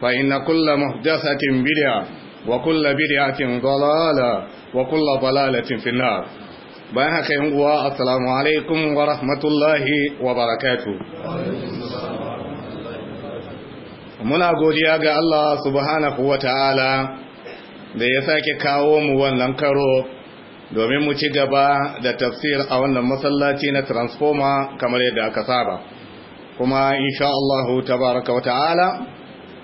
فإن كل محدثة بدعة وكل بدعة ضلالة وكل ضلالة في النار بأنها كيمقوا السلام عليكم ورحمة الله وبركاته muna godiya ga Allah subhanahu wa ta'ala da ya sake kawo mu wannan karo domin mu ci gaba da tafsir a wannan masallaci na transformer kamar yadda aka saba kuma insha Allah wa ta'ala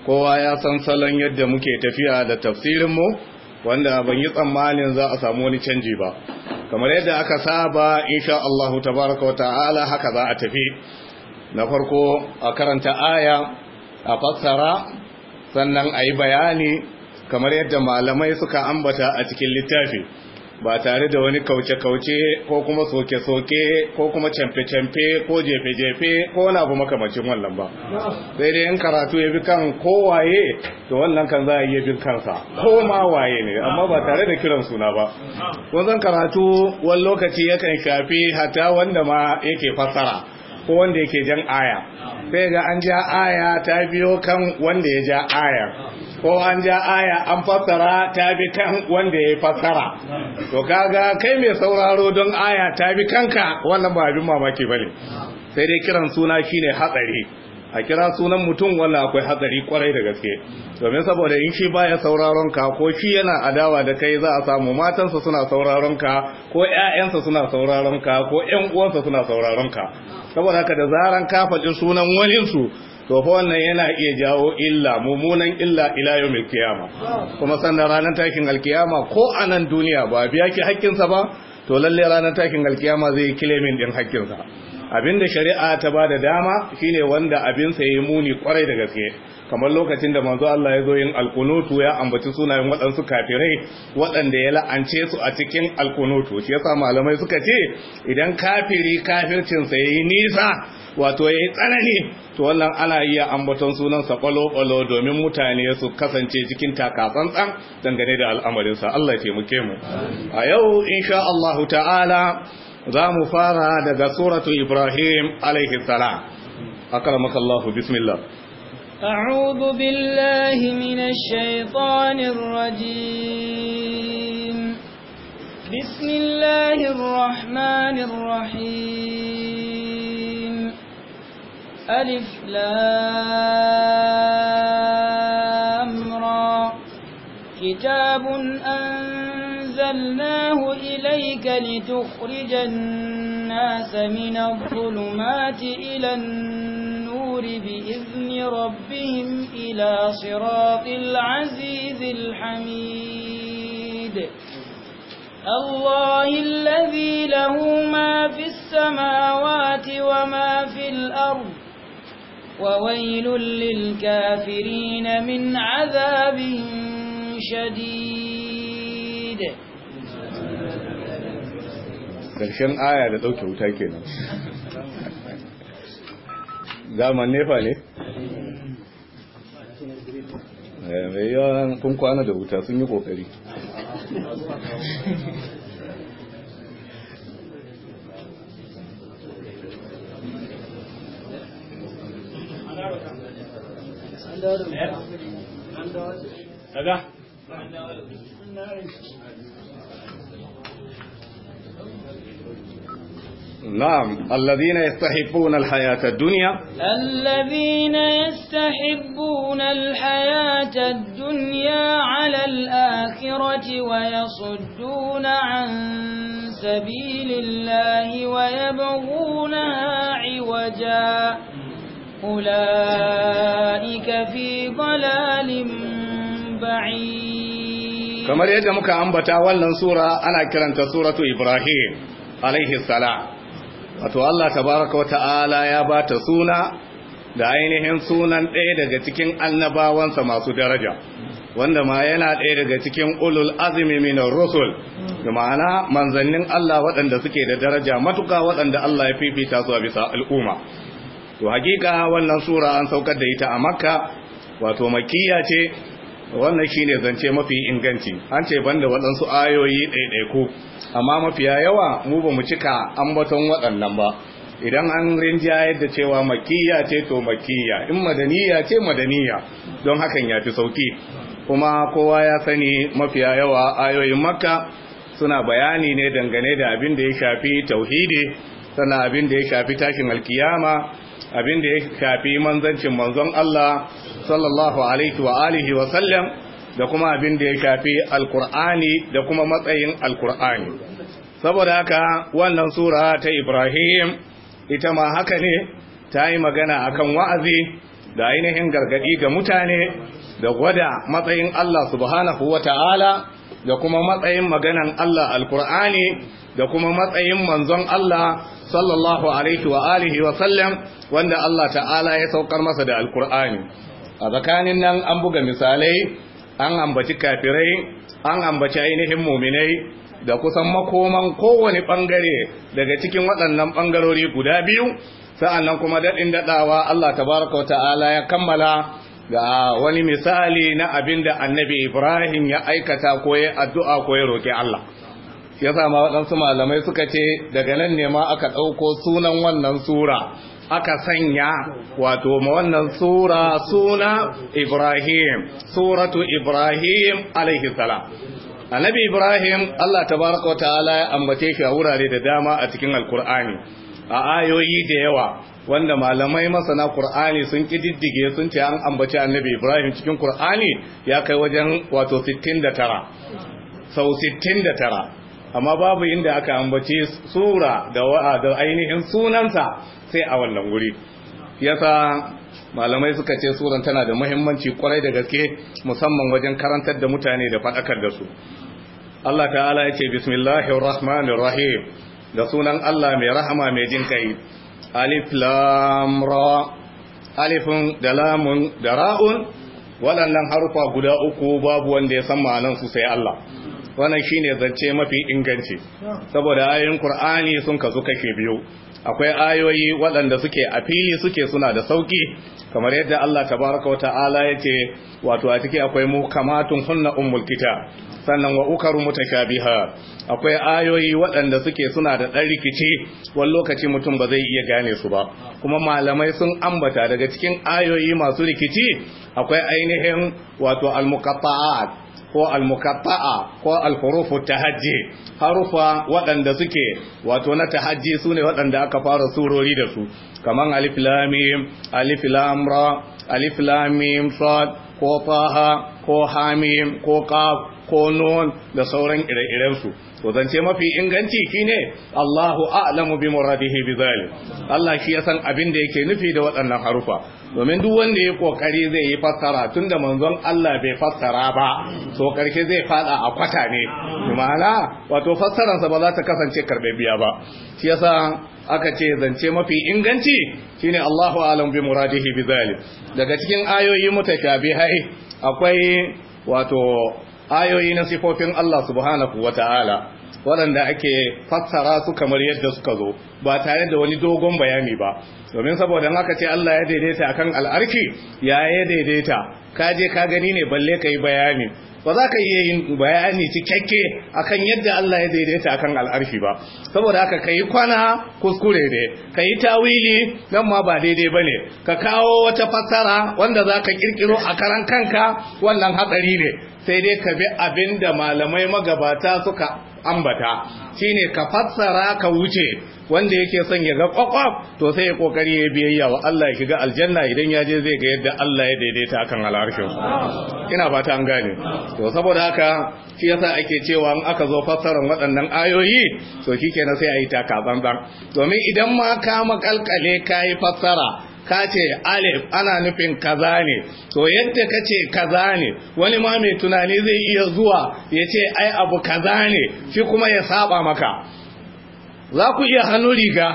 kowa ya san salon yadda muke tafiya da tafsirinmu wanda ban yi tsammanin za a samu wani canji ba kamar yadda aka saba insha Allah tabaraka wata'ala haka za a tafi na farko a karanta aya a fassara sannan a yi bayani kamar yadda malamai suka ambata a cikin littafi ba tare da wani kauce-kauce ko kuma soke-soke ko kuma camfe-camfe ko jefe-jefe ko wani abu makamacin wannan ba sai dai in karatu ya bi kan kowaye to wannan kan za a iya bin kansa ko ma waye ne amma ba tare da kiran suna ba wanzan karatu wani lokaci ya kan shafi hata wanda ma yake fasara ko wanda yake jan aya sai ga an ja aya ta biyo kan wanda ya ja aya ko an ja aya an fassara ta bi kan wanda ya fassara to kaga kai mai sauraro don aya ta bi kanka wannan ba abin mamaki bane sai dai kiran suna shine hatsari a kira sunan mutum wannan akwai hatsari kwarai da gaske domin saboda in shi baya sauraron ka ko shi yana adawa da kai za a samu matansa suna sauraron ka ko ƴaƴansa suna sauraron ka ko ƴan uwansa suna sauraron ka saboda haka da zaran ka faɗi sunan waninsu to fa wannan yana iya jawo illa mummunan illa ila yawmil kiyama. kuma sannan ranar takin alkiyama ko a nan duniya ba biya ki hakkinsa ba to lalle ranar takin alkiyama zai kile min din hakkinsa Abin da shari'a ta ba da dama shine wanda abinsa sa yayi muni kwarai da gaske kamar lokacin da manzo Allah ya zo yin alkunutu ya ambaci sunayen waɗansu kafirai waɗanda ya la'ance su a cikin alkunutu shi yasa malamai suka ce idan kafiri kafircin sa yayi nisa wato yayi tsanani to wannan ana iya ambaton sunan sa kwalo domin mutane su kasance cikin tsan dangane da al'amarin sa Allah ya taimake mu a yau insha Allah ta'ala za mu fara daga suratu ibrahim alaihi salam akramaka allah bismillah أعوذ بالله من الشيطان الرجيم بسم الله الرحمن الرحيم ألف لام را كتاب أن أرسلناه إليك لتخرج الناس من الظلمات إلى النور بإذن ربهم إلى صراط العزيز الحميد الله الذي له ما في السماوات وما في الأرض وويل للكافرين من عذاب شديد ƙarshen aya da ɗauke wuta kenan zaman nefa ne eh, mai yawan kun kwana da wuta sun yi ƙoƙari نعم الذين يستحبون الحياة الدنيا الذين يستحبون الحياة الدنيا على الآخرة ويصدون عن سبيل الله ويبغونها عوجا أولئك في ضلال بعيد كما يجب أن أنبتا ولن سورة أنا كرنت سورة إبراهيم عليه السلام wato Allah tabaraka wata'ala ya ba ta suna da ainihin sunan ɗaya daga cikin annabawansa masu daraja wanda ma yana ɗaya daga cikin ulul azumi minar rusul da ma'ana manzannin Allah waɗanda suke da daraja matuka waɗanda Allah ya fifita su a bisa al'umma to hakika wannan sura an saukar da ita a makka wato makiyya ce wannan shi ne zance mafi inganci an ce banda waɗansu ayoyi ɗaiɗaiku amma mafiya yawa mu ba mu cika ambaton waɗannan ba idan an rinjayar yadda cewa makiyya ce to makiyya in madaniya ce madaniya don hakan ya fi sauki kuma kowa ya sani mafiya yawa ayoyin makka suna bayani ne dangane da abin da ya shafi tauhidi sannan abin da ya shafi tashin alkiyama abin da ya shafi manzancin manzon Allah sallallahu alaihi wa alihi wa sallam da kuma abin da ya shafi alkur'ani da kuma matsayin alkur'ani saboda haka wannan sura ta Ibrahim ita ma haka ne ta yi magana akan wa'azi da ainihin gargadi ga mutane da gwada matsayin Allah subhanahu wa ta'ala da kuma matsayin maganan Allah alkur'ani da kuma matsayin manzon Allah sallallahu alaihi wa alihi wa sallam wanda Allah ta'ala ya saukar masa da alkur'ani a tsakanin nan an buga misalai an ambaci kafirai an ambaci ainihin muminai da kusan makoman kowane bangare daga cikin waɗannan bangarori guda biyu sa'annan kuma daɗin daɗawa Allah tabaraka ta'ala ya kammala ga wani misali na abinda annabi Ibrahim ya aikata ko addu'a ko ya roƙi Allah ya sama waɗansu malamai suka ce daga nan ne ma aka ɗauko sunan wannan sura aka sanya wato ma wannan sura suna ibrahim suratu ibrahim alaihi salam annabi ibrahim allah tabaraka wa ta'ala ya ambace shi a wurare da dama a cikin alkur'ani a ayoyi da yawa wanda malamai masana Kur'ani sun kididdige sun ce an ambaci annabi ibrahim cikin Kur'ani ya kai wajen wato 69 sau 69 amma babu inda aka ambace sura da wa'a ainihin sunansa sai a wannan guri yasa malamai suka ce suran tana da muhimmanci kwarai da gaske musamman wajen karantar da mutane da faɗakar da su Allah ta'ala ya ce bismillahir rahmanir rahim da sunan Allah mai rahama mai jin kai alif lam ra alifun da lamun da ra'un waɗannan harufa guda uku babu wanda ya san ma'anansu su sai Allah wannan shine zance mafi inganci saboda ayoyin kur'ani sun kasu kake biyu akwai ayoyi waɗanda suke a fili suke suna da sauki kamar yadda Allah tabaraka wa ta'ala ce wato a ciki akwai mu kamatun hunna ummul kita sannan wa ukaru mutashabiha akwai ayoyi waɗanda suke suna da ɗan rikici wani lokaci mutum ba zai iya gane su ba kuma malamai sun ambata daga cikin ayoyi masu rikici akwai ainihin wato al-muqatta'at ko al mukattaa ko al-hurufu tahajji harufa waɗanda suke wato na tahajji sune waɗanda aka fara surori da su kaman alif lam mim alif lam ra alif lam mim sad ko ha ko mim ko qaf ko nun da sauran ire iren su to zance mafi inganci shine Allahu a'lamu bi muradihi bi zalim Allah shi ya san abin da yake nufi da waɗannan harufa domin duk wanda ya kokari zai yi fassara tunda manzon Allah bai fassara ba So karshe zai fada a kwata ne ma'ana wato fassaran sa ba za ta kasance biya ba shi yasa aka ce zance mafi inganci shine Allahu alamu bi muradihi bi zalim daga cikin ayoyi mutashabihai akwai wato ayoyi na sifofin Allah subhanahu wataala waɗanda ake fassara su kamar yadda suka zo ba tare da wani dogon bayani ba domin saboda haka ce Allah ya daidaita akan al'arki ya ya daidaita ka je ka gani ne balle ka yi bayani ba za ka iya yin bayani cikakke akan yadda Allah ya daidaita akan al'arki ba saboda haka kai kwana kuskure ne kai tawili nan ma ba daidai ba ne, ka kawo wata fassara wanda za ka kirkiro a karan kanka wannan hatsari ne sai dai ka bi abinda malamai magabata suka ambata shine ka fassara ka wuce wanda yake son ya ga kwakwaf to sai ya kokari ya biyayya wa Allah ya shiga aljanna idan ya je zai ga yadda Allah ya daidaita akan alharshen ina fata an gane to saboda haka shi yasa ake cewa in aka zo fassarar waɗannan ayoyi to kike na sai a yi taka tsantsan domin idan ma ka makalkale ka yi fassara ka ce alif ana nufin kaza ne to yadda ka ce kaza ne wani ma mai tunani zai iya zuwa ya ce ai abu kaza ne shi kuma ya saba maka za ku iya hannu riga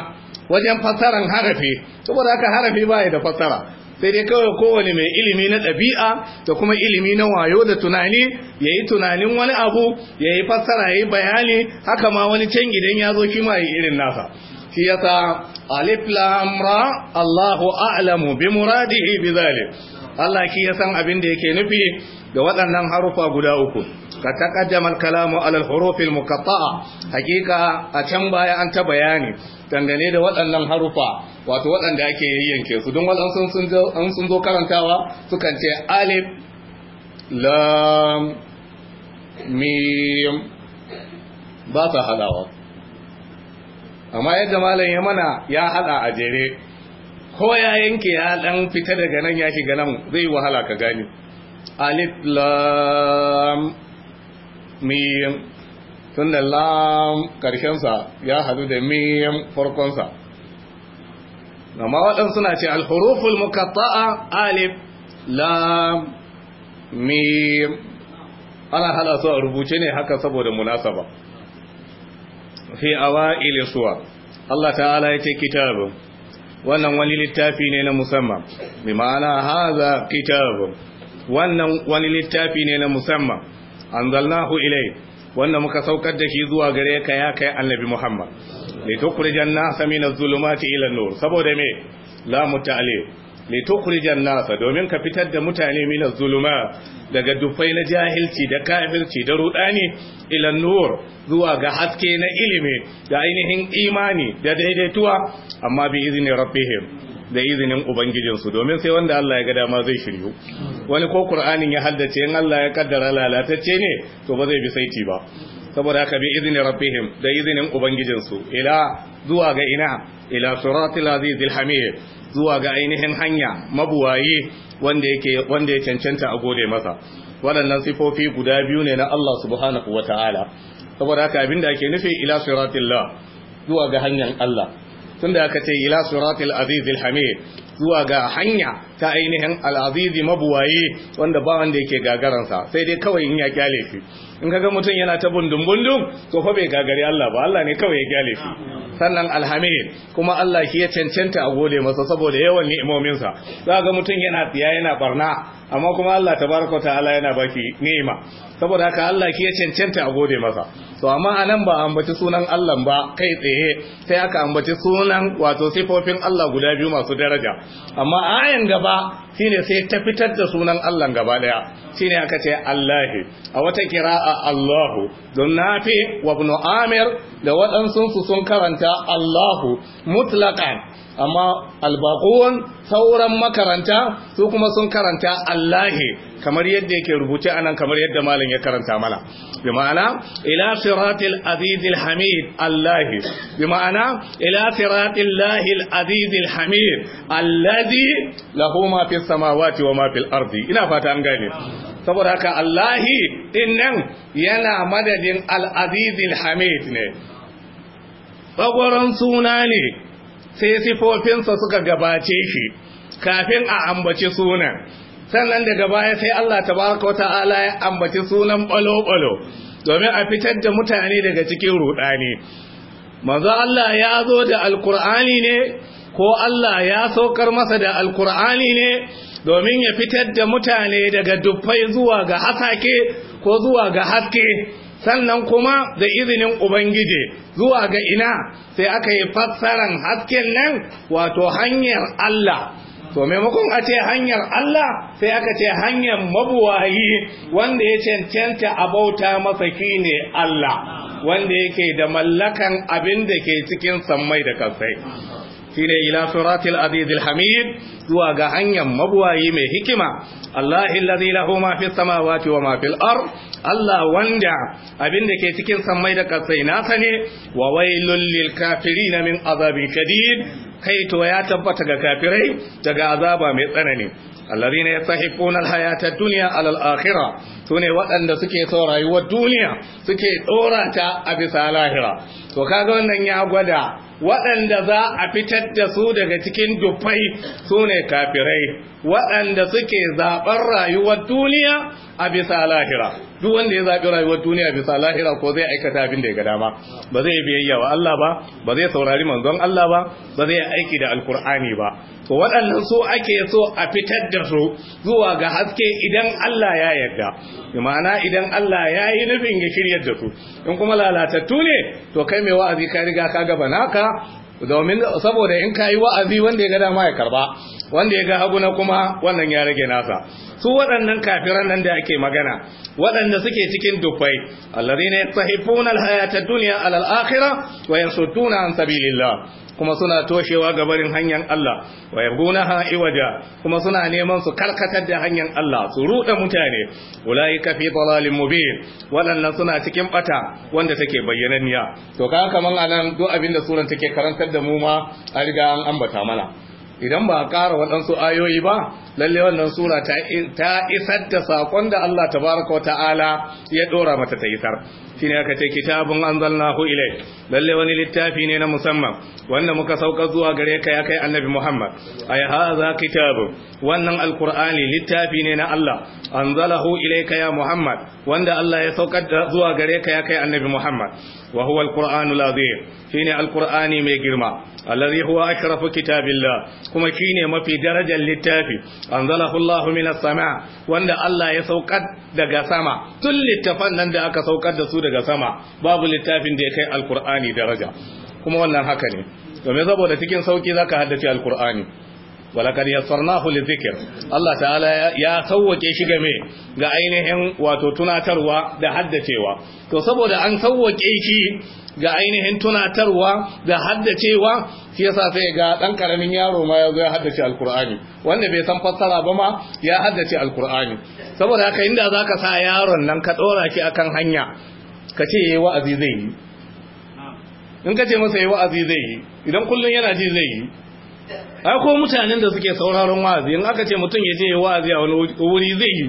wajen fasaran harafi saboda haka harafi ba da fassara sai dai kawai kowane mai ilimi na ɗabi'a da kuma ilimi na wayo da tunani ya yi tunanin wani abu ya yi fassara ya yi bayani haka ma wani can gidan ya zo kima ya yi irin nasa shi yasa alif Allahu a'lamu bi muradihi bi zalim Allah ki ya san abin da yake nufi ga waɗannan harufa guda uku ka taqaddama al-kalamu ala al-huruf muqattaa hakika a can baya an ta bayani dangane da waɗannan harufa wato waɗanda ake yayyanke su don waɗansu sun zo karantawa sukan ce alif lam mim ba ta halawa amma yadda malam ya mana ya hada a jere ko ya yanke ya dan fita daga nan ya shiga nan zai wahala ka gani alif lam mim tunda lam karshen sa ya hadu da mim farkon sa amma waɗansu suna ce al-huruful muqatta'a alif lam mim ana haɗa su rubuce ne haka saboda munasaba fi awa'il suwa Allah ta'ala ya ce kitabun wannan wani littafi ne na musamman bi ma'ana haza kitabu. wannan wani littafi ne na musamman anzalnahu ilai wannan muka saukar da shi zuwa gare ka ya kai annabi Muhammad mai tukhrijan nasa min zulumati ilan ila an-nur saboda me la muta'ali litukhrijan nasa domin ka fitar da mutane min zuluma daga dufai na jahilci da kafirci da rudani ila nur zuwa ga haske na ilimi da ainihin imani da daidaituwa amma bi izni rabbihim da izinin ubangijinsu domin sai wanda Allah ya ga dama zai shiryu wani ko qur'anin ya haddace in Allah ya kaddara lalatacce ne to ba zai bi saiti ba saboda haka bi izinin rabbihim da izinin ubangijinsu ila zuwa ga ina ila siratil aziz alhamid zuwa ga ainihin hanya mabuwaye wanda yake wanda ya cancanta a gode masa waɗannan sifofi guda biyu ne na Allah subhanahu wataala saboda haka abinda ake nufi ila siratillah zuwa ga hanyar Allah tunda aka ce ila siratil azizil hamid zuwa ga hanya ta ainihin al'azizi mabuwaye wanda ba wanda yake sa sai dai kawai in ya kyale shi in kaga mutum yana ta bundun bundun to fa bai gagari Allah ba Allah ne kawai ya kyale shi sannan alhamid kuma Allah shi ya cancanta a gode masa saboda yawan ni'imominsa za ga mutum yana tsiya yana barna amma kuma Allah tabaraka ta'ala yana baki ni'ima saboda haka Allah shi ya cancanta a gode masa to amma anan ba ambaci sunan Allah ba kai tsaye sai aka ambaci sunan wato sifofin Allah guda biyu masu daraja amma ayan gaba shine sai ta fitar da sunan Allah gaba daya shine aka ce "Allah" a wata kira'a Allahu don nafi wa ibn Amir da waɗansu sun karanta Allahu mutlaqan amma albaquwan sauran makaranta su kuma sun karanta allahi kamar yadda yake rubuce anan kamar yadda malam ya karanta mana bi ma'ana ila siratil azizil hamid allahi bi ma'ana ila siratil lahil azizil hamid allazi lahu ma fis samawati wa ma fil ardi ina fata an gane saboda haka allahi din nan yana madadin al azizil hamid ne tsagwaron suna ne sai sifofinsa suka gabace shi kafin a ambaci sunan sannan daga baya sai Allah tabaraka wata ala ya ambaci sunan balo-balo domin a fitar da mutane daga cikin rudani manzo Allah ya zo da alkur'ani ne ko Allah ya saukar masa da alkur'ani ne domin ya fitar da mutane daga duffai zuwa ga hasake ko zuwa ga haske sannan kuma da izinin ubangiji zuwa ga ina sai aka yi fassaran hasken nan wato hanyar Allah to maimakon a ce hanyar Allah sai aka ce hanyar mabuwayi wanda ya cancanta a bauta masaki ne Allah wanda yake da mallakan abin da ke cikin sammai da kasai shine ila siratil azizil hamid zuwa ga hanyar mabuwayi mai hikima Allah illazi lahu ma fis samawati wa ma fil ard Allah wanda abin da ke cikin samai da kasai nasa ne wa wailul lil kafirin min azabin shadid kai to ya tabbata ga kafirai daga azaba mai tsanani alladhina yastahiquna alhayata ad-dunya ala al-akhirah sune waɗanda suke so rayuwar duniya suke dora ta a bisa lahira to kaga wannan ya gwada waɗanda za a fitar da su daga cikin dufai su ne kafirai waɗanda suke zaɓar rayuwar duniya a bisa lahira duk wanda ya zaɓi rayuwar duniya bisa lahira ko zai aikata abin da ya ga dama ba zai biyayya wa Allah ba ba zai saurari manzon Allah ba ba zai aiki da alkur'ani ba to waɗannan so ake so a fitar da su zuwa ga haske idan Allah ya yarda ma'ana idan Allah ya yi nufin ya shiryar da su in kuma lalatattu ne to kai mai wa'azi ka riga ka gaba naka domin saboda in ka yi wa'azi wanda ya ga dama ya karba wanda ya ga na kuma wannan ya rage nasa su waɗannan kafiran nan da ake magana waɗanda suke cikin dubbai allazina yastahifuna alhayata ad-dunya ala al-akhirah wa yasudduna an sabilillah kuma suna toshewa ga barin hanyar Allah wa ha iwaja kuma suna neman su karkatar da hanyar Allah su ruɗa mutane ka fi dalalin mubin waɗannan suna cikin bata wanda take bayyananniya to kaga kaman anan duk da suran take karantar da mu ma a riga an ambata mana idan ba a ƙara waɗansu ayoyi ba lalle wannan sura ta isar da saƙon da Allah baraka wa ta'ala ya ɗora mata ta isar shine aka ce kitabun anzalnahu ilai lalle wani littafi ne na musamman wanda muka sauka zuwa gare ka ya kai annabi Muhammad ay hadha kitabun wannan alkur'ani littafi ne na Allah ilai ka ya Muhammad wanda Allah ya saukar zuwa gare ka ya kai annabi Muhammad wa huwa alqur'anul shine alqur'ani mai girma alladhi huwa akrafu kitabillah kuma shine mafi darajar littafi anzalahu Allah min as-sama' wanda Allah ya saukar daga sama tun littafan nan da aka saukar da su daga sama babu littafin da ya kai alqur'ani daraja kuma wannan haka ne domin saboda cikin sauki zaka haddace alqur'ani walakad yassarnahu lidhikr Allah ta'ala ya sauwake shi game ga ainihin wato tunatarwa da haddacewa to saboda an sauwake shi ga ainihin tunatarwa da haddacewa shi yasa sai ga dan karamin yaro ma yazo ya haddace alqur'ani wanda bai san fassara ba ma ya haddace alqur'ani saboda haka inda zaka sa yaron nan ka dora shi akan hanya ka ce yayi wa'azi zai yi in ka ce masa yayi wa'azi zai yi idan kullun yana ji zai yi ai ko mutanen da suke sauraron wa'azi in aka ce mutum ya je ya wa'azi a wani wuri zai yi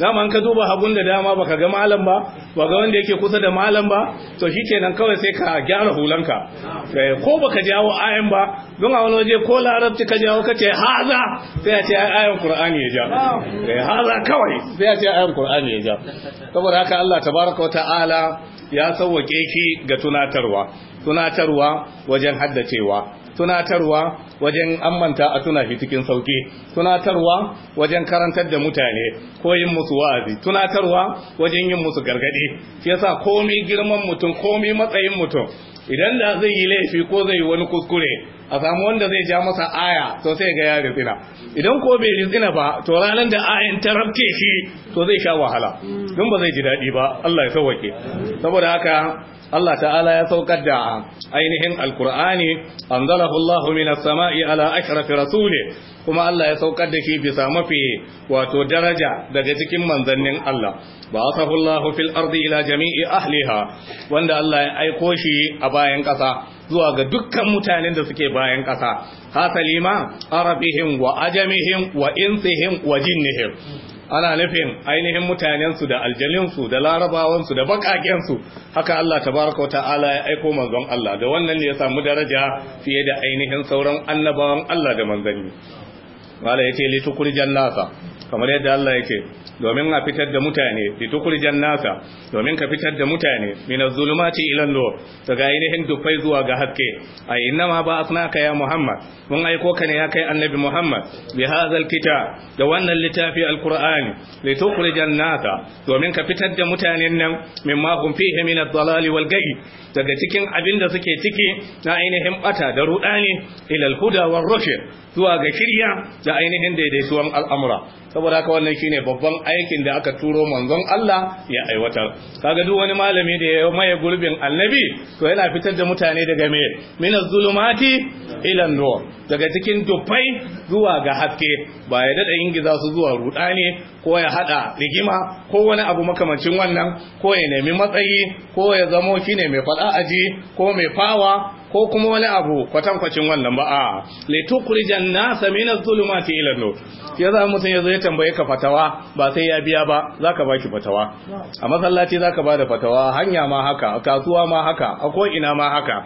dama ka duba hagun da dama baka ga malam ba ba ga wanda yake kusa da malam ba to shikenan kawai sai ka gyara hulanka eh, ko baka jawo ayan ba don a wani waje ko larabci ka jawo kace haza sai a ce ayan qur'ani ya ja eh, haza kawai sai a ce ayan qur'ani ya ja saboda haka Allah tabaraka wataala ya sauwake ki ga tunatarwa tunatarwa wajen haddacewa tunatarwa wajen amanta a tuna shi cikin sauki tunatarwa wajen karantar da mutane ko yin musu wa'azi tunatarwa wajen yin musu gargadi shi yasa komai girman mutum komai matsayin mutum idan da zai yi laifi ko zai yi wani kuskure a samu wanda zai ja masa aya to sai ga ya rizina idan ko bai rizina ba to ranar da ayan ta shi to zai sha wahala don ba zai ji daɗi ba Allah ya sauwake saboda haka Allah ta'ala ya saukar da ainihin alkur'ani anzalahu Allah minas sama'i ala ashrafi rasuli kuma Allah ya saukar da shi bisa mafi wato daraja daga cikin manzannin Allah ba asahu Allah fil ardi ila jami'i ahliha wanda Allah ya aiko shi a bayan kasa zuwa ga dukkan mutanen da suke bayan kasa hasalima arabihim wa ajamihim wa insihim wa jinnihim ana nufin ainihin mutanensu da aljalinsu da larabawansu da bakakensu haka Allah tabaraka wata'ala ya aiko manzon Allah da wannan ne ya samu daraja fiye da ainihin sauran annabawan Allah da manzanni wala yace li tukurjan nasa kamar yadda Allah ya ce domin a fitar da mutane litukhrijan nasa domin ka fitar da mutane min az-zulumati ila nur daga ainihin dufai zuwa ga haske ai ba ba'athnaka ya Muhammad mun aiko ka ne ya kai annabi Muhammad bi hadzal kitab da wannan littafi al-Qur'ani litukhrijan nasa domin ka fitar da mutanen nan mimma hum fihi min ad-dalal wal gai daga cikin abinda suke ciki na ainihin bata da rudani ila al-huda war rushd zuwa ga kirya da ainihin daidaituwan al'amura saboda haka wannan shine babban aikin da aka turo manzon Allah ya aiwatar kaga duk wani malami da ya maye gurbin annabi to yana fitar da mutane daga me min zulumati ila nur daga cikin dubai zuwa ga haske ba ya dada ingiza su zuwa rudani ko ya hada rigima ko wani abu makamancin wannan ko ya nemi matsayi ko ya zamo shine mai fada aji ko mai fawa ko kuma wani abu kwatankwacin wannan ba a litukhrijan nasa sami na zuluma ta an no ya za mutum yazo ya tambaye ka fatawa ba sai ya biya ba Za zaka baki fatawa a masallaci zaka da fatawa hanya ma haka a kasuwa ma haka a ko ina ma haka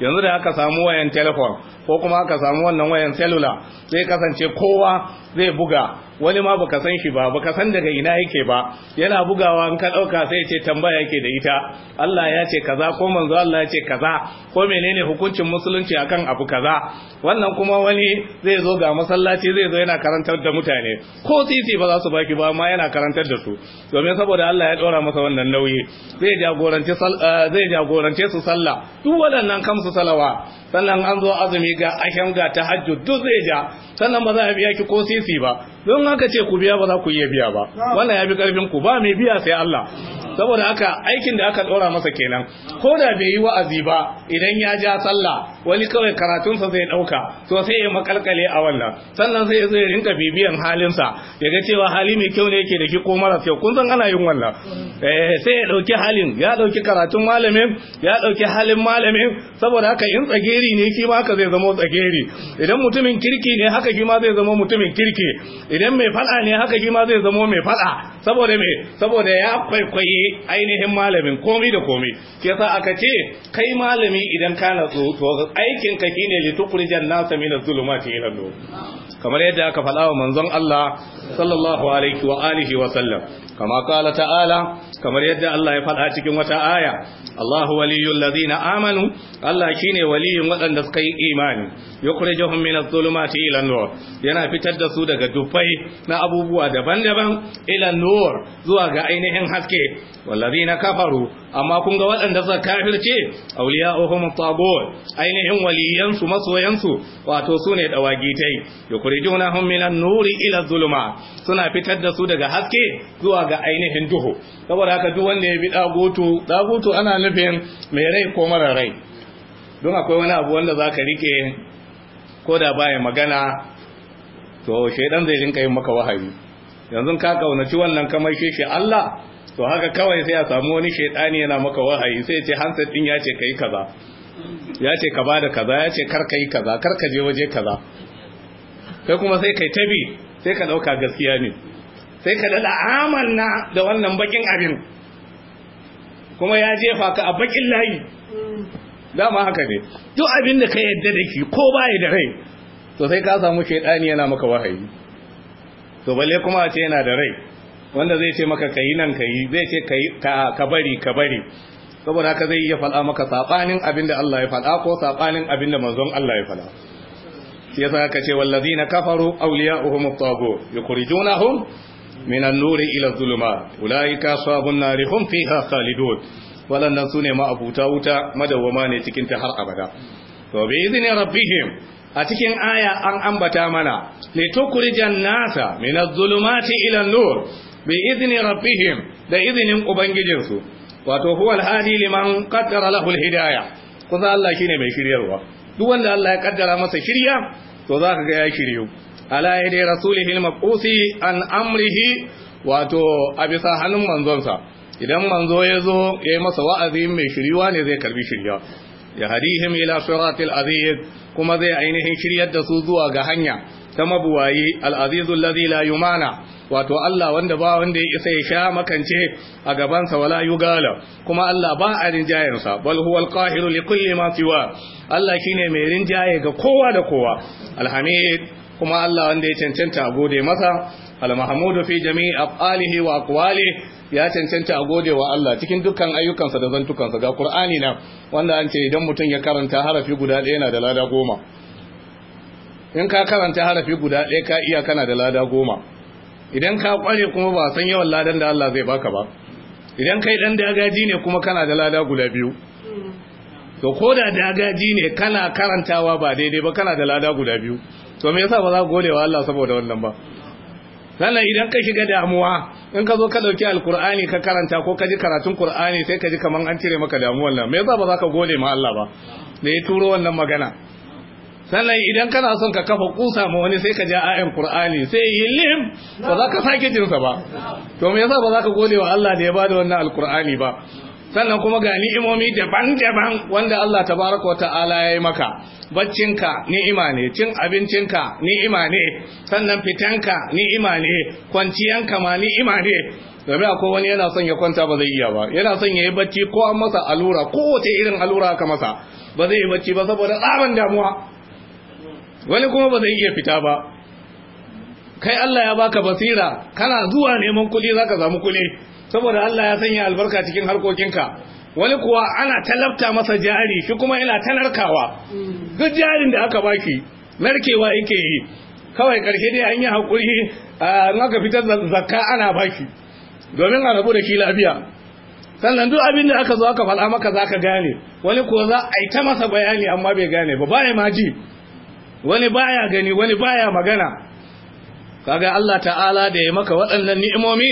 yanzu da aka samu wayan telefon ko kuma aka samu wannan wayan cellular zai kasance kowa zai buga wani ma baka san shi ba baka san daga ina yake ba yana bugawa an ka dauka sai ce tambaya yake da ita Allah ya ce kaza ko manzo Allah ya ce kaza ko menene hukuncin musulunci akan abu kaza wannan kuma wani zai zo ga masallaci zai zo yana karantar da mutane ko titi ba za su baki ba amma yana karantar da su domin saboda Allah ya dora masa wannan nauyi zai jagorance eh, zai jagorance su sallah duk waɗannan su salawa sannan an zo azumi ga ashan ga tahajjud duk zai ja sannan ba za a biya ki ko sisi ba don haka ce ku biya ba za ku iya biya ba wannan ya bi karfin ku ba mai biya sai Allah saboda haka aikin da aka tsora masa kenan ko da bai yi wa'azi ba idan ya ja sallah wani kawai karatunsa zai dauka to sai ya makalkale a wannan sannan sai ya zo ya rinka bibiyan halinsa ya ga cewa hali mai kyau ne yake da ki ko mara kyau kun san ana yin wannan eh sai ya dauki halin ya dauki karatun malamin ya dauki halin malamin saboda haka in tsageri ne shi ma haka zai zama tsageri idan mutumin kirki ne haka shi ma zai zama mutumin kirki idan mai fada ne haka shi ma zai zama mai fada saboda me saboda ya kwaikwaye shi ainihin malamin komai da komai yasa aka ce kai malami idan ka natsu to aikin ka shine li tukhrijan nas min az-zulumati ila nur kamar yadda aka faɗa wa manzon Allah sallallahu alaihi wa alihi wa sallam kama qala ta'ala kamar yadda Allah ya faɗa cikin wata aya Allahu waliyul ladina amanu Allah shine waliyin waɗanda suka yi imani yukhrijuhum minadh dhulumati ila nur yana fitar da su daga dufai na abubuwa daban-daban ila nur zuwa ga ainihin haske walladina kafaru amma kun ga waɗanda suka kafirce awliya'uhum at-tagut ainihin waliyyansu masoyansu wato sune dawagitai yukhrijunahum minan nuri ila zuluma suna fitar da su daga haske zuwa ga ainihin duhu saboda Ka haka duk wanda ya bi dagutu dagutu ana nufin mai rai ko mara rai don akwai wani abu wanda za ka rike ko da baya magana to shaidan zai rinka yin maka wahayi yanzu ka kaunaci wannan kamar shi shi Allah to haka kawai sai a samu wani shaidani yana maka wahayi sai ce hansar din ya ce kai kaza ya ce ka bada kaza ya ce kar kai kaza kar ka je waje kaza kai kuma sai kai tabi sai ka dauka gaskiya ne sai ka dada amanna da wannan bakin abin kuma ya jefa ka a bakin layi dama haka ne duk abin da ka yadda da ke ko baya da rai to sai ka samu shaidani yana maka wahayi to balle kuma ce yana da rai wanda zai ce maka kayi nan kayi zai ce ka bari ka bari saboda haka zai iya faɗa maka saɓanin abin da Allah ya faɗa ko saɓanin abin da manzon Allah ya fada sai yasa ka ce wallazina kafaru awliya'uhum at juna yukhrijunahum من النور إلى الظلمات أولئك أصحاب النار هم فيها خالدون waɗannan su ne ma'abuta wuta madawwama ne cikin ta har abada to bi izinin rabbihim a cikin aya an ambata mana li tukrijan nasa min adh-dhulumati ila an-nur bi izinin rabbihim da izinin ubangijinsu wato huwa al-hadi liman qaddara lahu al-hidayah kuma Allah shine mai shiryarwa duk wanda Allah ya kaddara masa shirya to zaka ga ya shiryu ala yadi rasulihi al kusi an amrihi wato a bisa hannun manzonsa idan manzo ya zo ya yi masa wa'azi mai shiriwa ne zai karbi shirya ya hadihim ila siratil aziz kuma zai ainihin shiryar da su zuwa ga hanya ta mabuwayi al-aziz allazi la yumana wato Allah wanda ba wanda ya isa ya sha makance a gabansa wala yugala kuma Allah ba a rinjayen sa bal huwa al-qahiru li kulli ma siwa Allah shine mai rinjaye ga kowa da kowa alhamid kuma Allah wanda ya cancanta a gode masa al-mahmudu fi jami'i af'alihi wa aqwalihi ya cancanta a gode wa Allah cikin dukkan ayyukansa da zantukansa ga Qur'ani na wanda an ce idan mutum ya karanta harafi guda ɗaya yana da lada goma in ka karanta harafi guda ɗaya ka iya kana da lada goma idan ka kware kuma ba san yawan ladan da Allah zai baka ba idan kai dan dagaji ne kuma kana da lada guda biyu to ko da dagaji ne kana karantawa ba daidai ba kana da lada guda biyu to me yasa ba za ku gode wa Allah saboda wannan ba sannan idan ka shiga damuwa in ka zo ka dauki alkur'ani ka karanta ko ka ji karatun qur'ani sai ka ji kaman an cire maka damuwar nan me yasa ba za ka gode ma Allah ba ne ya turo wannan magana sannan idan kana son ka kafa kusa ma wani sai ka ji ayan qur'ani sai yi ba za ka sake jinsa ba to me yasa ba za ka gode wa Allah da ya bada wannan alkur'ani ba sannan kuma ga ni'imomi daban-daban wanda Allah tabaraka wata'ala ya yi maka baccinka ni'ima ne cin abincinka ni'ima ne sannan fitanka ni'ima ne kwanciyanka ma ni'ima ne domin akwai wani yana son ya kwanta ba zai iya ba yana son ya yi bacci ko an masa allura kowace irin allura aka masa ba zai yi bacci ba saboda tsaban damuwa wani kuma ba zai iya fita ba kai Allah ya baka basira kana zuwa neman kuɗi zaka samu kuɗi saboda Allah ya sanya albarka cikin harkokinka wani kuwa ana talabta masa jari shi kuma yana tanarkawa duk jarin da aka baki narkewa yake yi kawai karshe dai an yi hakuri a aka fitar zakka ana baki domin a rabu da shi lafiya sannan duk abin da aka zo aka faɗa maka za ka gane wani kuwa za a yi ta masa bayani amma bai gane ba baya ma ji wani baya gani wani baya magana kaga Allah ta'ala da ya maka waɗannan ni'imomi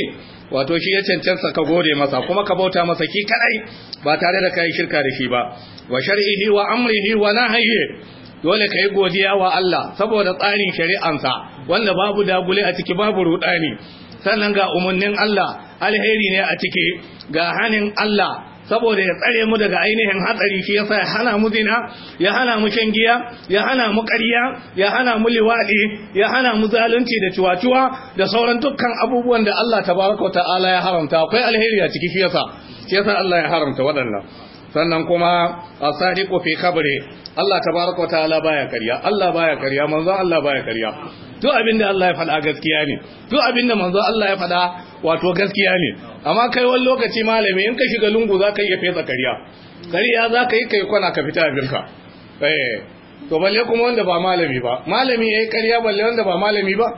wato shi ya cancanta ka gode masa kuma ka bauta masa ki kadai ba tare da kai shirka da shi ba wa shar'ihi wa amrihi wa nahyi dole kai godiya wa Allah saboda tsarin shari'ansa wanda babu dagule a ciki babu rudani sannan ga umarnin Allah alheri ne a ciki ga hanin Allah saboda ya tsare mu daga ainihin hatsari shi yasa ya hana mu zina ya hana mu shan giya ya hana mu ƙarya ya hana mu liwaɗi ya hana mu zalunci da ciwaciwa da sauran dukkan abubuwan da Allah tabaraka ta'ala ya haramta akwai alheri a ciki shi yasa shi yasa Allah ya haramta waɗannan sannan kuma asadiqu fi kabri Allah tabaraka ta'ala baya ƙarya Allah baya ƙarya manzo Allah baya ƙarya duk abin da Allah ya faɗa gaskiya ne duk abin da manzo Allah ya faɗa wato gaskiya ne amma kai wani lokaci malami in ka shiga lungu za ka iya fesa kariya ƙarya za ka yi kai kwana ka fita abin eh to balle kuma wanda ba malami ba malami yayi kariya balle wanda ba malami ba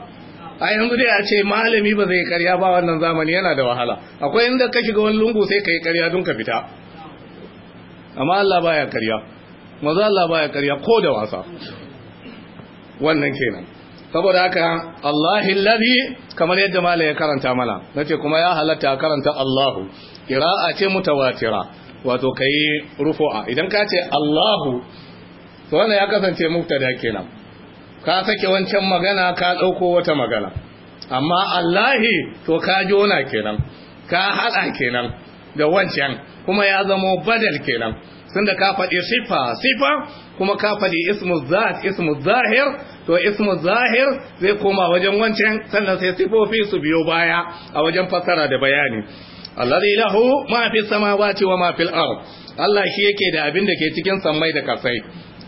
a yanzu dai a ce malami ba zai kariya ba wannan zamani yana da wahala akwai inda ka shiga wani lungu sai ka yi ƙarya don ka fita amma Allah baya kariya manzo Allah baya kariya ko da wasa wannan kenan saboda haka Allahi ladhi kamar yadda mala ya karanta mana ce kuma ya halatta karanta Allahu a ce mutawatira wato ka yi rufu'a idan ka ce Allahu to ya kasance mubtada kenan ka sake wancan magana ka ɗauko wata magana amma Allahi to ka jona kenan ka haɗa kenan da wancan kuma ya zamo badal kenan da ka faɗi sifa sifa kuma ka faɗi ismu zat ismu zahir to ismu zahir zai koma wajen wancan sannan sai sifofi su biyo baya a wajen fasara da bayani alladhi lahu ma fi samawati wa ma fil ard Allah shi yake da abin da ke cikin sammai da kasai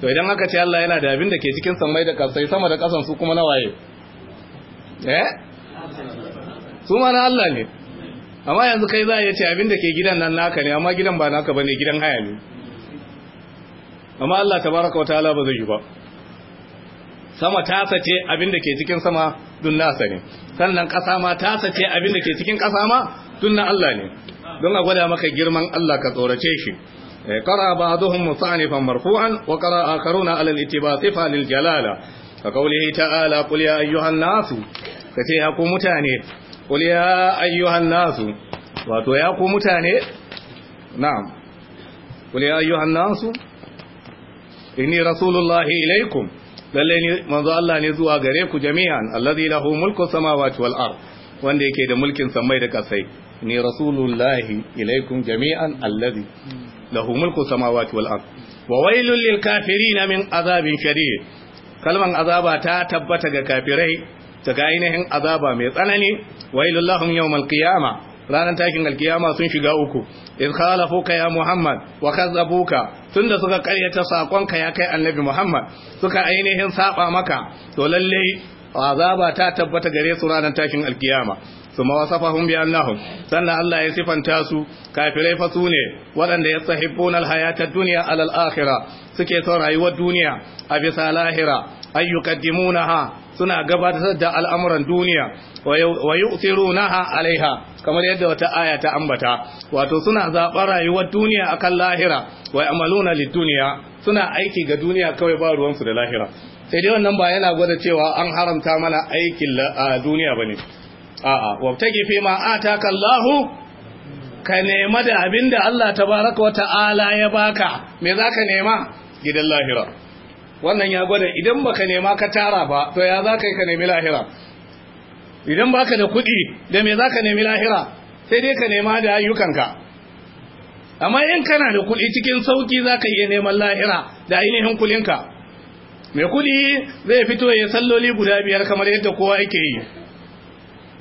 to idan aka ce Allah yana da abin da ke cikin sammai da kasai sama da kasan su kuma nawaye eh su ma na Allah ne amma yanzu kai za a ce abin da ke gidan nan naka ne amma gidan ba naka bane gidan haya ne amma Allah tabaraka wataala ba zai yi ba sama ta sace abin da ke cikin sama dun nasa ne sannan ƙasa ma ta sace abin da ke cikin ƙasa ma dun na Allah ne don a gwada maka girman Allah ka tsorace shi قرأ بعضهم مصانفا مرفوعا وقرأ آخرون على الاتباع صفة للجلالة كقوله تعالى قل يا أيها الناس ya أكو متاني قل يا أيها الناس Wato ya أكو متاني نعم قل يا أيها الناس inni rasulullahi ilaikum lalle ne manzo Allah ne zuwa gare ku jami'an allazi lahu mulku samawati wal ard wanda yake da mulkin samai da kasai ni rasulullahi ilaikum jami'an allazi lahu mulku samawati wal ard wa wailul lil kafirin min azabin shadid kalman azaba ta tabbata ga kafirai ta ga ainihin azaba mai tsanani wailul lahum yawmal qiyamah ranar takin alkiyama sun shiga uku izkala fuka ya muhammad wa kazzabuka tunda suka karyata sakonka ya kai annabi muhammad suka ainihin saba maka to lalle azaba ta tabbata gare su ranar tashin alkiyama kuma wasafahum bi annahum sannan Allah ya sifanta su kafirai fa waɗanda ya wadanda yastahibbun alhayata dunya ala alakhirah suke son rayuwar duniya a bisa lahira na ha. suna gabatar da al'amuran duniya wa yu'thirunaha alaiha kamar yadda wata aya ta ambata wato suna zaɓar rayuwar duniya akan lahira wa amaluna lidduniya suna aiki ga duniya kawai ba ruwansu da lahira sai dai wannan ba yana gwada cewa an haramta mana aikin duniya bane a'a take fi ma ataka Allahu ka nema da abinda Allah tabaraka wa ta'ala ya baka me zaka nema gidan lahira wannan ya gwada idan baka nema ka tara ba to ya za ka yi ka nemi lahira idan baka da kuɗi da me za ka nemi lahira sai dai ka nema da ayyukanka amma in kana da kuɗi cikin sauki za ka iya neman lahira da ainihin kulinka. mai kuɗi zai fito ya salloli guda biyar kamar yadda kowa yake yi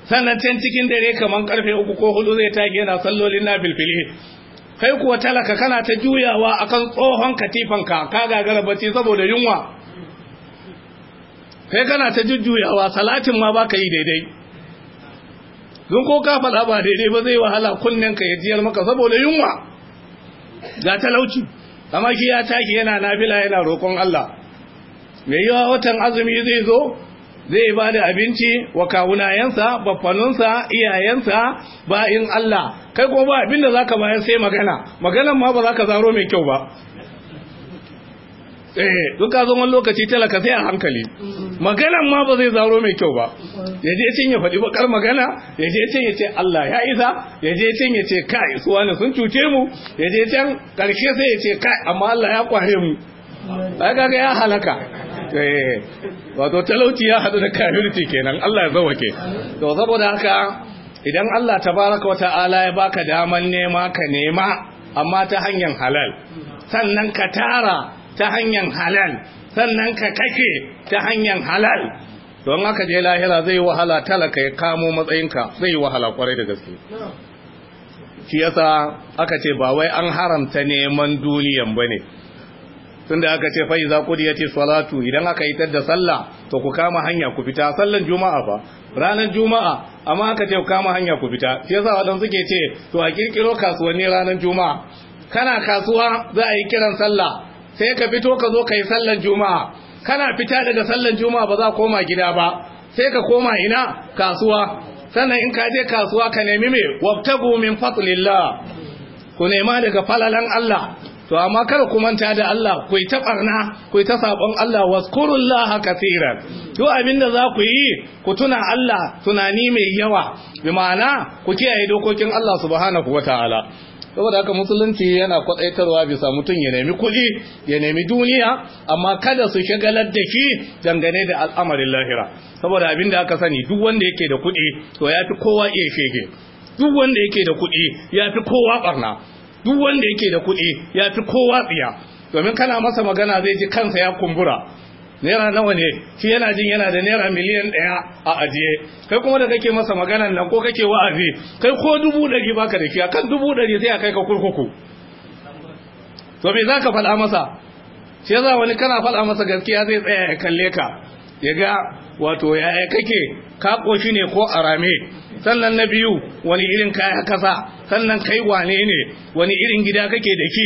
sannan can cikin dare kamar karfe uku ko hudu zai tage yana sallolin na filfili kai kuwa talaka kana ta juyawa akan tsohon katifanka ka gagara bacci saboda yunwa kai kana ta jujjuyawa salatin ma ba ka yi daidai don ko ka faɗa ba daidai ba zai wahala kunnen ka ya jiyar maka saboda yunwa ga talauci amma shi ya taki yana nafila yana roƙon Allah mai yawa watan azumi zai zo zai ba da abinci wa kawunayensa baffanunsa iyayensa in Allah kai kuma ba abin da zaka bayan sai magana maganan ma ba za ka zaro mai kyau ba eh duk ka zama lokaci talaka sai a hankali maganan ma ba zai zaro mai kyau ba ya je cin ya faɗi bakar magana ya je cin ya ce Allah ya isa ya je cin ce kai su wani sun cuce mu ya je can karshe sai ya ce kai amma Allah ya kware mu ai kaga ya halaka Eh, wato talauci ya hadu da kafirci kenan Allah ya ke to saboda haka idan Allah tabaraka wata'ala ya baka daman nema ka nema amma ta hanyar halal sannan ka tara ta hanyar halal sannan ka kake ta hanyar halal don haka je lahira zai wahala talaka ya kamo matsayinka zai wahala kwarai da gaske shi yasa aka ce ba wai an haramta neman duniyan bane tunda aka ce Faiza za yace salatu idan aka yi da sallah to ku kama hanya ku fita sallan juma'a fa ranar juma'a amma aka ce ku kama hanya ku fita shi yasa wadan suke ce to a kirkiro kasuwanni ranar juma'a kana kasuwa za a yi kiran sallah sai ka fito ka zo ka yi sallan juma'a kana fita daga sallan juma'a ba za koma gida ba sai ka koma ina kasuwa sannan in ka je kasuwa ka nemi me wabtagu min fadlillah ku nema daga falalan Allah to amma kada ku manta da Allah ku yi ta barna ku yi ta sabon Allah waskurullaha kaseeran to abinda za ku yi ku tuna Allah tunani mai yawa bi ma'ana ku kiyaye dokokin Allah subhanahu wataala saboda haka musulunci yana kwatsaitarwa bisa mutum ya nemi kuɗi ya nemi duniya amma kada su shagalar da shi dangane da al'amarin lahira saboda abinda aka sani duk wanda yake da kuɗi to ya fi kowa iya shege duk wanda yake da kuɗi ya fi kowa barna duk wanda yake da kuɗi ya fi kowa tsiya domin kana masa magana zai ji kansa ya kumbura naira nawa ne shi yana jin yana da naira miliyan ɗaya a ajiye kai kuma da kake masa magana nan ko kake wa'azi kai ko dubu ɗari baka da shi akan dubu ɗari sai a kai ka kurkuku to me zaka faɗa masa shi yasa wani kana faɗa masa gaskiya zai tsaya ya kalle ka ya ga wato yaya kake ka koshi ne ko a rame? sannan na biyu wani irin kaya kasa sannan kai wane ne wani irin gida kake da ke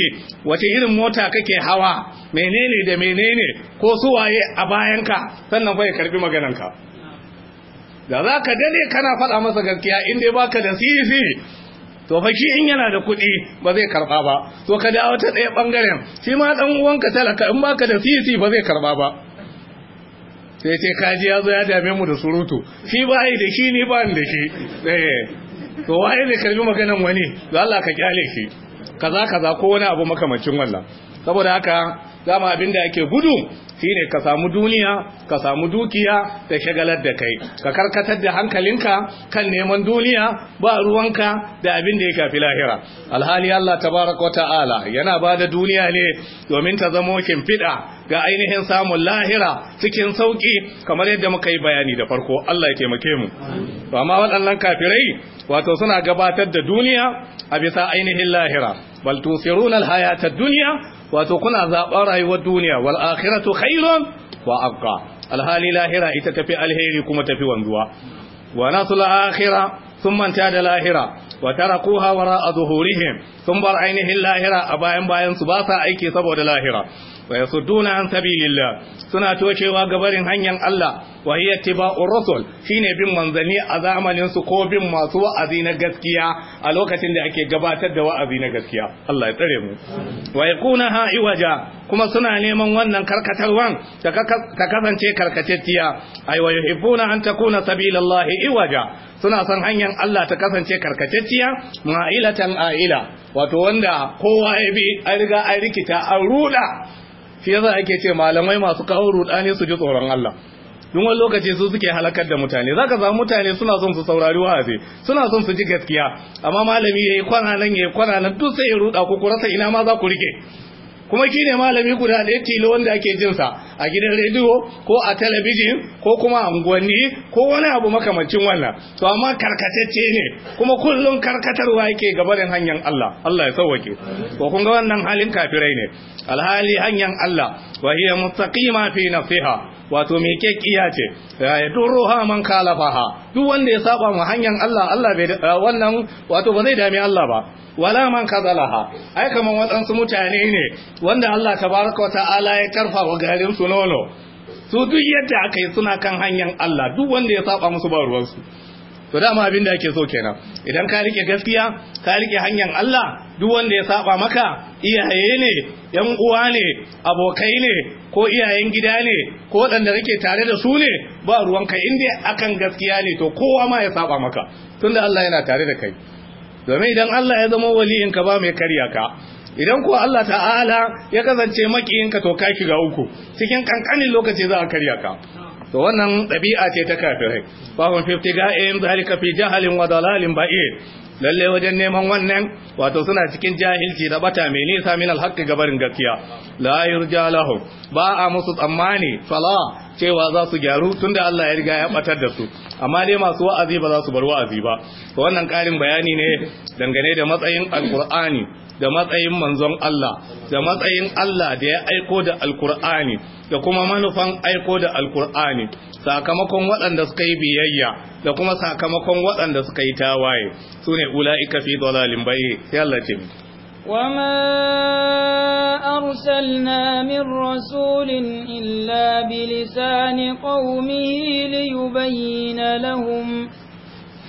wace irin mota kake hawa menene da menene ko suwaye a bayanka sannan bai karbi magananka da za ka dade kana faɗa masa gaskiya in dai baka da sisi to fa shi in yana da kuɗi ba zai karɓa ba to ka dawo ta ɗaya ɓangaren shi ma ɗan uwanka talaka in baka da sisi ba zai karɓa ba sai ce kaji ya zo ya dame mu da surutu shi ba yi da shi ni ba da shi eh. to waye ne karbi maganan wani da Allah ka kyale shi kaza kaza ko wani abu makamancin wannan saboda haka zama abin da yake gudu shine ka samu duniya ka samu dukiya da shagalar da kai ka karkatar da hankalinka kan neman duniya ba ruwanka da abin da ya shafi lahira alhali Allah tabaraka ta'ala yana bada duniya ne domin ta zamo kimfiɗa ga ainihin samun lahira cikin sauki kamar yadda muka yi bayani da farko Allah ya taimake mu to amma waɗannan kafirai wato suna gabatar da duniya a bisa ainihin lahira bal tusiruna alhayata ad-dunya wato kuna zaɓar rayuwar duniya wal akhiratu khairun wa abqa alhali lahira ita tafi alheri kuma tafi wanzuwa wa nasu lahira sun manta da lahira wa tarakuha wara'a zuhurihim sun bar ainihin lahira a bayan bayan su ba sa aiki saboda lahira wa yasudduna an sabilillah suna tocewa gabarin hanyar Allah wa hiya tiba'ur rusul shine bin manzanni a zamanin su ko bin masu wa'azi na gaskiya a lokacin da ake gabatar da wa'azi na gaskiya Allah ya tsare mu wa ha iwaja kuma suna neman wannan karkatarwan ta kasance karkatacciya ay wa yuhibbuna an takuna sabilallahi iwaja suna son hanyar Allah ta kasance karkatacciya ma'ilatan a'ila wato wanda kowa ya bi an riga an rikita an ruda shi yasa ake ce malamai masu kawo rudani su ji tsoron Allah Dun wani lokaci su suke halakar da mutane zaka samu mutane suna son su saurari wa'azi suna son su ji gaskiya amma malami yayi kwana nan yi kwana nan duk sai ya ruda ku ku rasa ina ma za ku rike kuma shi ne malami guda ɗaya tilo wanda ake jin sa a gidan rediyo ko a talabijin ko kuma a unguwanni ko wani abu makamancin wannan to amma karkatacce ne kuma kullum karkatarwa yake gabarin hanyar Allah Allah ya sauwake ko kun ga wannan halin kafirai ne alhali hanyar Allah wa hiya mustaqima fi nasiha wato mai kekkiya ce ya ha man kalafaha duk wanda ya saba mu hanyar Allah Allah bai ah, wannan wato ba zai dami Allah ba wala man kazalaha ai kaman waɗansu mutane ne wanda Allah tabaraka ta'ala ya karfa wa garin su nono su duk yadda aka suna kan hanyar Allah duk wanda ya saba musu ba ruwansu to dama abin da ake so kenan idan ka rike gaskiya ka rike hanyar Allah duk wanda ya saba maka iyaye ne yan uwa ne abokai ne ko iyayen gida ne ko waɗanda kake tare da su ne ba ruwan kai. inda akan gaskiya ne to kowa ma ya saba maka tunda Allah yana tare da kai domin idan Allah ya zama waliyin ka ba mai karya ka idan ko Allah ta'ala ya kasance makiyinka to ka ga uku cikin kankanin lokaci za a karya ka to wannan ɗabi'a ce ta kafirai bahun fifti ga'in zalika fi jahalin wa dalalin ba'i lalle wajen neman wannan wato suna cikin jahilci da bata mai nisa min alhaqqi gabarin gaskiya la yurja lahum ba a musu tsammani fala cewa za su gyaru tunda Allah ya riga ya batar da su amma dai masu wa'azi ba za su bar wa'azi ba to wannan karin bayani ne dangane da matsayin alqur'ani da matsayin manzon Allah da matsayin Allah da ya aiko da alkur'ani da kuma manufan aiko da alkur'ani sakamakon waɗanda suka yi biyayya da kuma sakamakon waɗanda suka yi tawaye su ne ula'ika fi dalalin bayi sai Allah ce وما أرسلنا من رسول إلا بلسان قومه ليبين لهم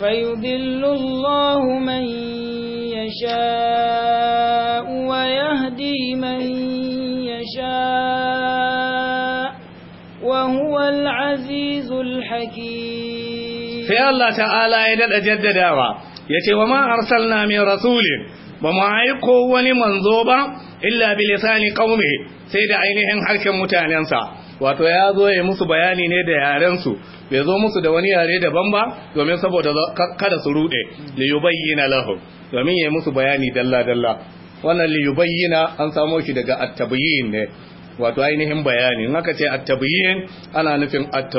فيضل الله من يشاء يهدي من يشاء وهو العزيز الحكيم في الله تعالى يدد أجدد يتي وما أرسلنا من رسول وما أيقو ولمنظوبة إلا بلسان قومه سيد عينهم حركة متعننسا wato ya zo ya musu bayani ne da yarensu bai zo musu da wani yare daban ba domin saboda kada su rude li bayyana lahum domin ya musu bayani dalla dalla wannan liyubayyina an samo shi daga at ne wato ainihin bayani in ce at ana nufin at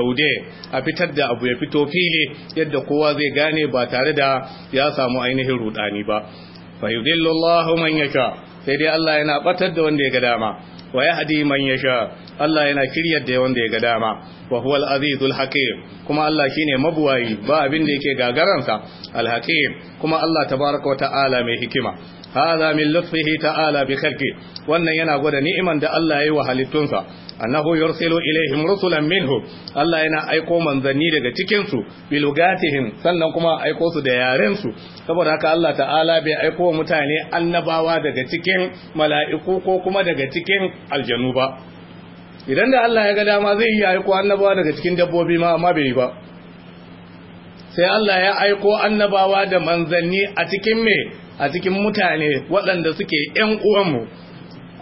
a fitar da abu ya fito fili yadda kowa zai gane ba tare da ya samu ainihin rudani ba fa yudillu Allahu man yasha sai dai Allah yana batar da wanda ya ga dama wa yahdi man yasha Allah yana kiryar da wanda ya ga dama wa huwa al-azizul hakim kuma Allah shine mabuwayi ba abin da yake gagaransa al-hakim kuma Allah tabaaraka wa ta'ala mai hikima hadha min lutfihi ta'ala bi khalqi wannan yana gwada ni'iman da Allah ya yi wa halittunsa annahu yursilu ilaihim rusulan minhu Allah yana aiko manzanni daga cikin su bilugatihim sannan kuma aiko su da yaren su saboda haka Allah ta'ala bai aiko mutane annabawa daga cikin mala'iku ko kuma daga cikin aljanu ba idan da Allah ya ga dama zai yi aiko annabawa daga cikin dabbobi ma amma bai yi ba sai Allah ya aiko annabawa da manzanni a cikin me a cikin mutane waɗanda suke ‘yan uwanmu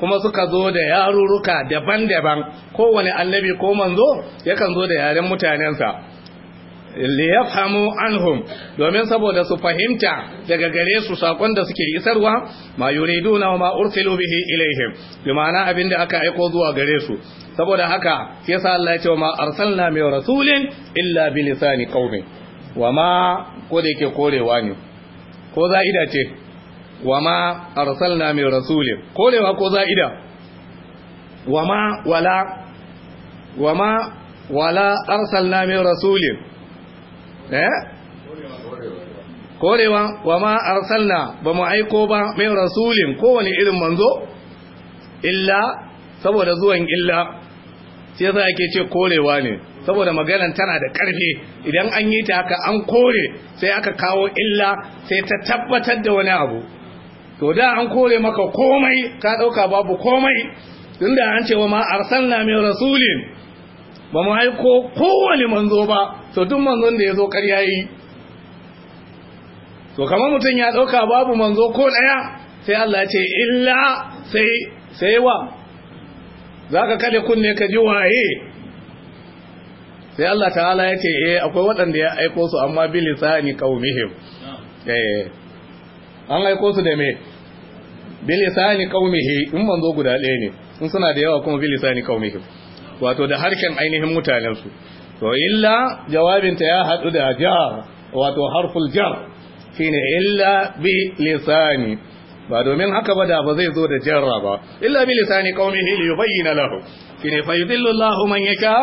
kuma suka zo da yarurruka daban-daban kowane annabi ko manzo yakan zo da yaren mutanensa yafhamu anhum domin saboda su fahimta daga gare su sakon da suke isarwa ma yuriduna wa ma ursilu bihi ilaihim bi ma'ana da aka aiko zuwa gare su saboda haka yasa Allah ya ce ma arsalna mai rasulin illa bi lisani qaumi wa ma ko da yake korewa ne ko za'ida ce wa ma arsalna min rasulin kolewa ko za'ida wa ma wala wa ma wala arsalna min rasulin eh korewa wa ma arsalna ba mu aiko ba min rasulin kowane irin manzo illa saboda zuwan illa sai za ake ce korewa ne saboda maganan tana da karfi idan an yi ta haka an kore sai aka kawo illa sai ta tabbatar da wani abu to da an kore maka komai ka dauka babu komai tunda an ce wa ma arsalna min rasulin ba mu aiko kowane manzo ba to duk manzon da yazo zo ƙarya yi to kamar mutum ya dauka babu manzo ko daya sai Allah ya ce illa sai sai wa zaka kada kunne ka ji waye sai Allah ta'ala ya ce eh akwai waɗanda ya aiko su amma bi lisani qaumihim eh an aiko su da me bilisani kaumihi, in manzo guda ɗaya ne in suna da yawa kuma bilisani kaumihi, wato da harshen ainihin mutanen su to illa jawabinta ya haɗu da jar wato harful jar shine illa bi ba domin haka ba da ba zai zo da jarra ba illa bilisani lisani qaumihi li yubayyana lahu shine fa yudillu Allahu man yaka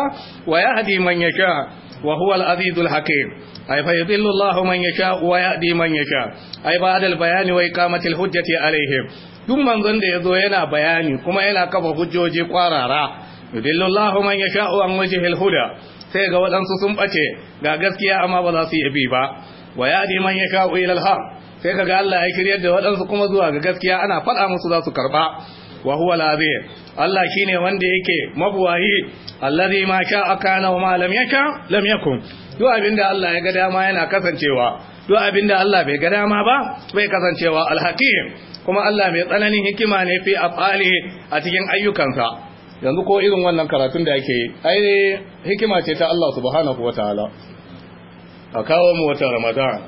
wa yahdi man yaka wa huwa al-aziz al-hakim ay fa yudillu Allah man yasha wa yahdi man yasha ay ba'da al-bayani wa iqamati al-hujjati alaihim duk manzon da yazo yana bayani kuma yana kafa hujjoji kwarara yudillu Allah man yasha an wajhi al sai ga wadansu sun bace ga gaskiya amma ba za su yi bi ba wa yahdi man yasha ila sai kaga Allah ya kiryar da wadansu kuma zuwa ga gaskiya ana faɗa musu za su karba wa huwa labe Allah shine wanda yake mabuwahi allazi ma sha kana wa ma lam yaka lam yakun duk abinda Allah ya ga dama yana kasancewa duk abinda Allah bai ga dama ba bai kasancewa alhakim kuma Allah mai tsananin hikima ne fi afali a cikin ayyukansa yanzu ko irin wannan karatun da yake yi ai hikima ce ta Allah subhanahu wataala a kawo mu wata ramadan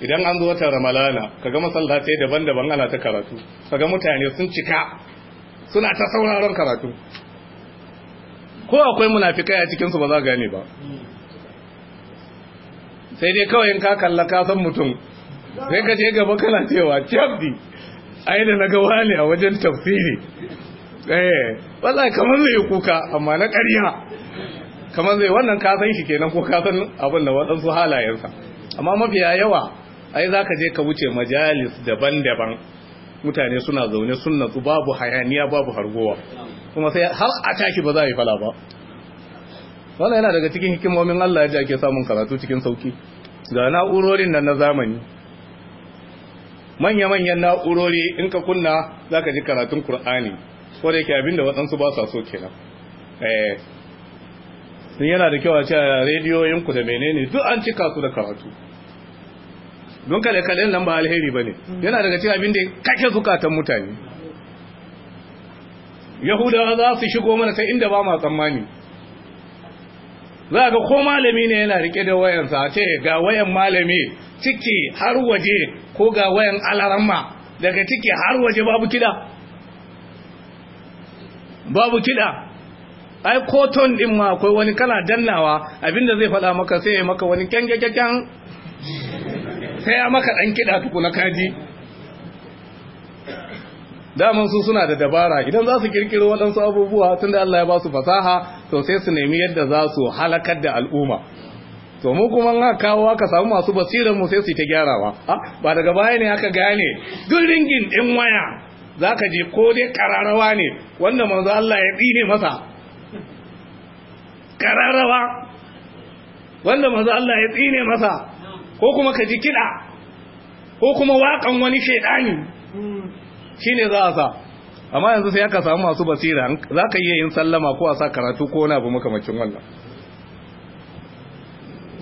idan an zo wata ramalana kaga masallatai daban-daban ana ta karatu kaga mutane sun cika suna ta sauraron karatu ko akwai munafikai a cikinsu ba za gane ba sai dai kawai in ka kalla ka san mutum sai ka je gaba kana cewa kyabdi ai da na gawa ne a wajen tafsiri eh wallahi kamar zai kuka amma na ƙarya kamar zai wannan ka san shi kenan ko ka san abin da waɗansu halayensa amma mafiya yawa ai za ka je ka wuce majalis daban-daban mutane suna zaune sun natsu babu hayaniya babu hargowa kuma sai har a taki ba za a yi fala ba wannan yana daga cikin hikimomin Allah ya ake samun karatu cikin sauki ga na'urorin nan na zamani manya-manyan na'urori in ka kunna za ka ji karatun Kur'ani ko da yake abinda waɗansu ba sa so kenan eh sun yana da kyau a ce rediyoyinku da menene duk an cika su da karatu don kala kada nan ba alheri ba ne mm. yana daga cikin abin da ya kake zukatan mutane yahudawa za su shigo mana sai inda ba ma tsammani za ga ko malami ne yana rike da wayan a ce ga wayan malami ciki har waje ko ga wayan alaramma daga ciki har waje babu kida babu kida ai koton din ma akwai wani kana dannawa abinda zai faɗa maka sai ya maka wani kyankyakken saya maka ɗan kiɗa na kaji daman su suna da dabara idan za su kirkiro waɗansu abubuwa tun da Allah ya ba su fasaha to sai su nemi yadda za su halakar da al'umma to mu kuma na kawo aka samu masu basirar mu sai su ta gyarawa ba daga baya ne aka gane duk ringin ɗin waya za ka je ko dai kararawa ne wanda manzo Allah ya tsine masa kararawa wanda manzo Allah ya tsine masa ko kuma ka ji kiɗa ko kuma waƙan wani shaidani shi ne za a sa amma yanzu sai aka samu masu basira za ka iya yin sallama ko a sa karatu ko wani abu makamacin wannan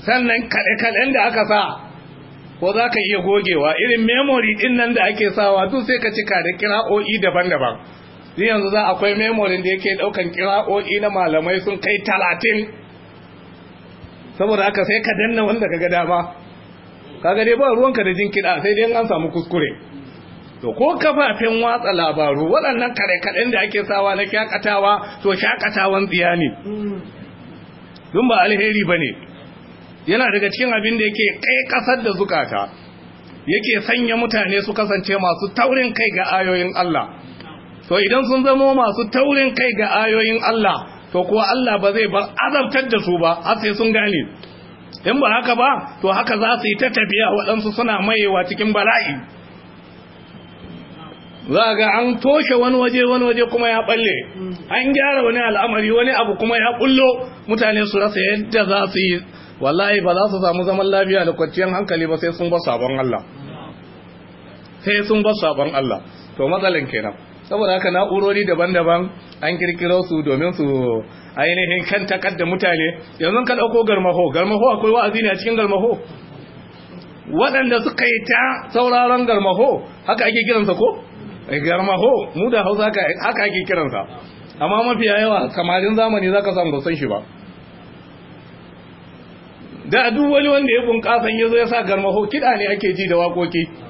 sannan kaɗe-kaɗen da aka sa ko za ka iya gogewa irin memori ɗin nan da ake sawa duk sai ka cika da kira'o'i daban-daban zai yanzu za akwai memory da yake ɗaukan kira'o'i na malamai sun kai talatin saboda aka sai ka danna wanda ka ga dama kaga dai ba ruwanka da jin kiɗa sai dai an samu kuskure to ko kafafen watsa labaru waɗannan kare kaɗan da ake sawa na shakatawa to shakatawan tsiya ne dun ba alheri ba ne yana daga cikin abin da yake kai ƙasar da zukata yake sanya mutane su kasance masu taurin kai ga ayoyin Allah to idan sun zama masu taurin kai ga ayoyin Allah to kuwa Allah ba zai bar azabtar da su ba har sai sun gane in ba haka ba to haka za su yi ta tafiya waɗansu suna mayewa cikin bala'i za ga an toshe wani waje wani waje kuma ya balle an gyara wani al'amari wani abu kuma ya bullo mutane su rasa yadda za su yi wallahi ba za su samu zaman lafiya da kwanciyar hankali ba sai sun ba sabon Allah sai sun ba sabon Allah to matsalan kenan saboda haka na'urori daban-daban an kirkiro su domin su ainihin kan da mutane yanzu ka ɗauko garmaho garmaho akwai wa'azi ne a cikin garmaho waɗanda suka yi ta sauraron garmaho haka ake kiransa ko eh, garmaho mu da hausa haka ake kiransa amma mafi yawa samarin zamani za zaka samu ba san shi ba da duk wani wanda ya bunƙasa ya zo ya sa garmaho kiɗa ne ake ji da waƙoƙi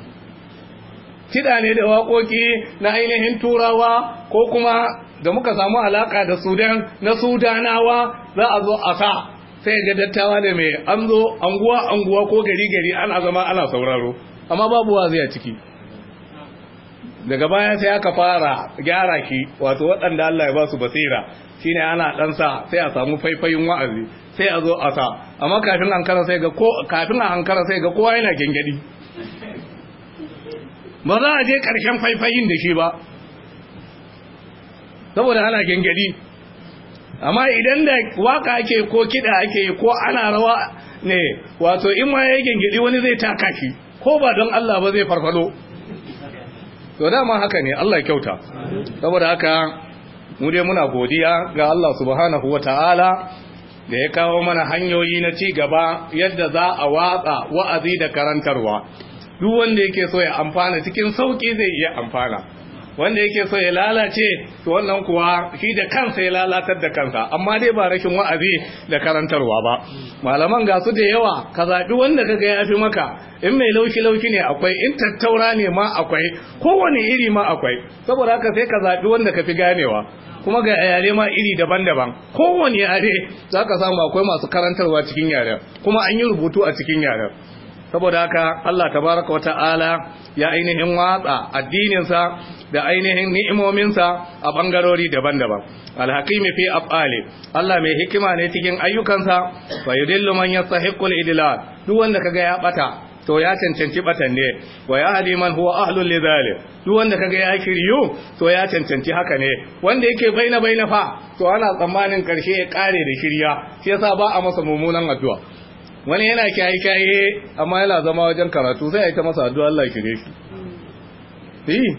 kiɗa ne da waƙoƙi na ainihin turawa ko kuma da muka samu alaƙa da sudan na sudanawa za a zo a sa sai ga dattawa da mai an zo anguwa anguwa ko gari gari ana zama ana sauraro amma babu wazi a ciki daga baya sai aka fara gyara ki wato waɗanda Allah ya ba su basira shine ana dan sa sai a samu faifayin wa'azi sai a zo a sa amma kafin an kara sai ga ko kafin an kara sai ga kowa yana gengedi ba za a je ƙarshen faifayin da shi ba saboda ana gangadi amma idan da waka ake ko kiɗa ake ko ana rawa ne wato in ma ya gengadi wani zai taka shi ko ba don Allah ba zai farfado to dama haka ne Allah kyauta saboda haka mu dai muna godiya ga Allah subhanahu wataala da ya kawo mana hanyoyi na ci gaba yadda za a watsa wa'azi da karantarwa duk wanda yake so ya amfana cikin sauki zai iya amfana wanda yake so ya lalace to wannan kuwa shi da kansa ya lalatar da kansa amma dai ba rashin wa'azi da karantarwa ba malaman ga su da yawa ka zaɓi wanda kaga ya fi maka in mai laushi laushi ne akwai in tattaura ne ma akwai kowane iri ma akwai saboda haka sai ka zaɓi wanda ka fi ganewa kuma ga yare ma iri daban-daban kowane yare za ka samu akwai masu karantarwa cikin yaren kuma an yi rubutu a cikin yaren saboda haka Allah tabaraka wa ta'ala ya ainihin watsa addininsa da ainihin ni'imominsa a bangarori daban-daban alhaqimi fi af'ali Allah mai hikima ne cikin ayyukansa wa yudillu man yastahiqul idlal duk wanda kaga ya bata to ya cancanci batan ne wa ya hadi man huwa ahlul lidhalik duk wanda kaga ya kiryu to ya cancanci haka ne wanda yake baina baina fa to ana tsammanin karshe ya kare da shirya shi yasa ba a masa mummunan addu'a wani yana kyayi kyayi amma yana zama wajen karatu sai ya yi ta masa addu'a Allah kire shi yi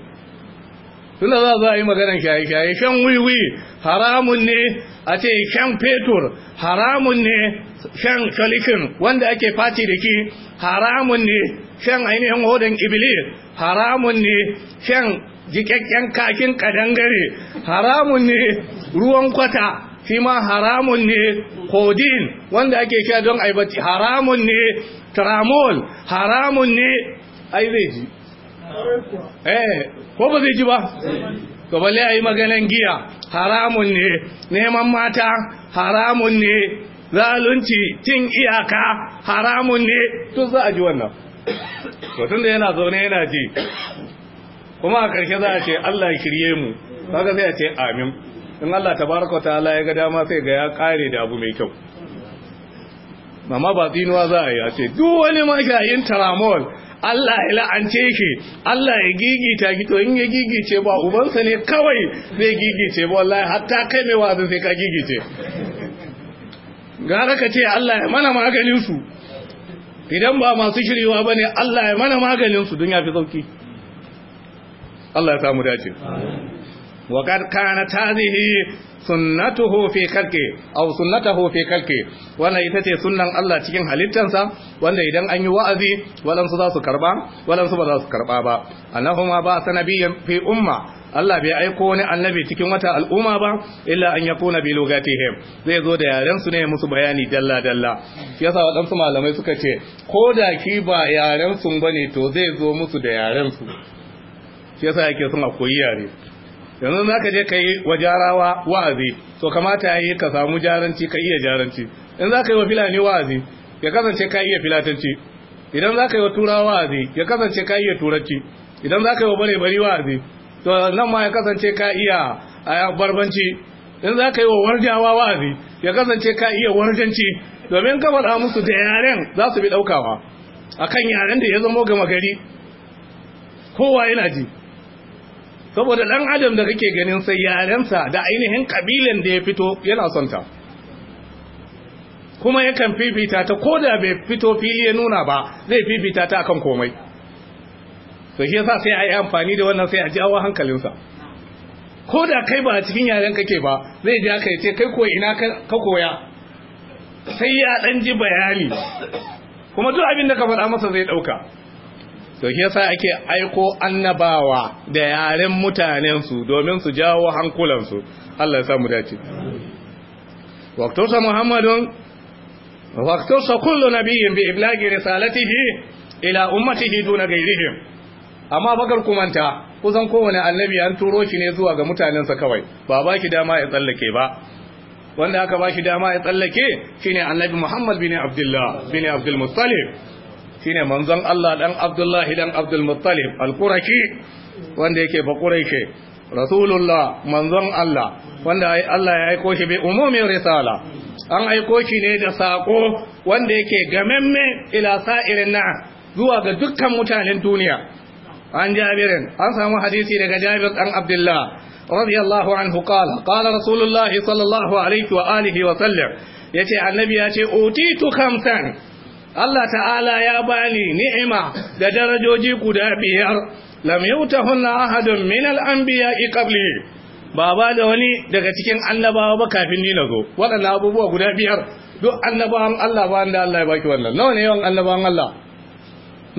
tunda za za a yi maganar kyayi kyayi shan wiwi haramun ne a ce shan fetur haramun ne shan shalikin wanda ake faci da ki haramun ne shan ainihin hodon ibili, haramun ne shan jikakken kakin kadangare haramun ne ruwan kwata shi ma haramun ne kodin wanda ake sha don aibati haramun ne tramol haramun ne ai zai ji eh ko ba zai ji ba to balle ayi maganan giya haramun ne neman mata haramun ne zalunci cin iyaka haramun ne to za a ji wannan to da yana zaune yana ji kuma a ƙarshe za a ce Allah ya kirye mu kaga sai a ce amin in Allah ta ta ala ya ga dama sai ga ya kare da abu mai kyau amma ba tsinuwa za a yi a ce duk wani mashayin taramol Allah ya la'ance shi. Allah ya gigita ki to in ya gigice ba ubansa ne kawai zai gigice ba wallahi hatta kai mai wazin sai ka gigice gara ka ce Allah ya mana maganin su idan ba masu shiryuwa ba ne Allah ya mana maganin su don fi sauki Allah ya samu dace وقد كانت هذه sunnatuhu fi khalqi aw sunnatuhu fi khalqi wannan ita ce sunnan Allah cikin halittansa wanda idan an yi wa'azi walansu za su karba walansu ba za su karba ba annahuma ba sanabiyyan fi umma Allah bai aiko wani annabi cikin wata al'umma ba illa an yakuna bi lugatihim zai zo da yarensu su ne musu bayani dalla dalla yasa wadansu malamai suka ce ko da ba yaren su bane to zai zo musu da yaren su yasa yake son a koyi yare yanzu za ka je ka yi wa jarawa wa'azi to kamata ya yi ka samu jaranci ka iya jaranci in za ka yi wa filani wa'azi ya kasance ka iya filatanci idan za ka yi wa turawa wa'azi ya kasance ka iya turanci idan za ka yi wa bare-bari wa'azi to nan ma ya kasance ka iya a barbanci in za ka yi wa warjawa wa'azi ya kasance ka iya warjanci domin ka faɗa musu da yaren za su bi ɗaukawa akan yaren da ya zamo gama gari kowa yana ji saboda dan adam da kake ganin sai yarensa da ainihin kabilan da ya fito yana son ta kuma yakan fifita ta ko da bai fito fili ya nuna ba zai fifita ta akan komai to shi yasa sai a yi amfani da wannan sai a jawo hankalinsa ko da kai ba a cikin yaren kake ba zai ja ka ce kai koyi ina ka koya sai ya dan ji bayani kuma duk abin da ka faɗa masa zai ɗauka to shi yasa ake aiko annabawa da yaren mutanensu domin su jawo hankulansu Allah ya sa mu dace waqtusa muhammadun waqtusa kullu nabiyyin bi iblagi risalatihi ila ummatihi duna ghayrihim amma bakar kumanta kusan kowane annabi an turo shi ne zuwa ga mutanensa kawai ba ba ki dama ya tsallake ba wanda aka ba shi dama ya tsallake shine annabi muhammad bin abdullah bin abdul muttalib shine manzon Allah dan Abdullahi dan Abdul Muttalib al-Qurashi wanda yake ba Quraishi Rasulullah manzon Allah wanda Allah ya aiko shi bi umumin risala an aiko shi ne da sako wanda yake gamemme ila sa'irin na zuwa ga dukkan mutanen duniya an jabirin an samu hadisi daga Jabir dan Abdullah radiyallahu anhu qala qala Rasulullah sallallahu alaihi wa alihi wa sallam yace annabi yace utitu khamsan Allah ta'ala ya bani ni'ima da darajoji guda biyar lam yutahunna ahadun min al anbiya qabli ba ba da wani daga cikin annabawa ba kafin ni nago waɗannan abubuwa guda biyar duk annabawan Allah ba da Allah ya baki wannan nawa ne yawan annabawan Allah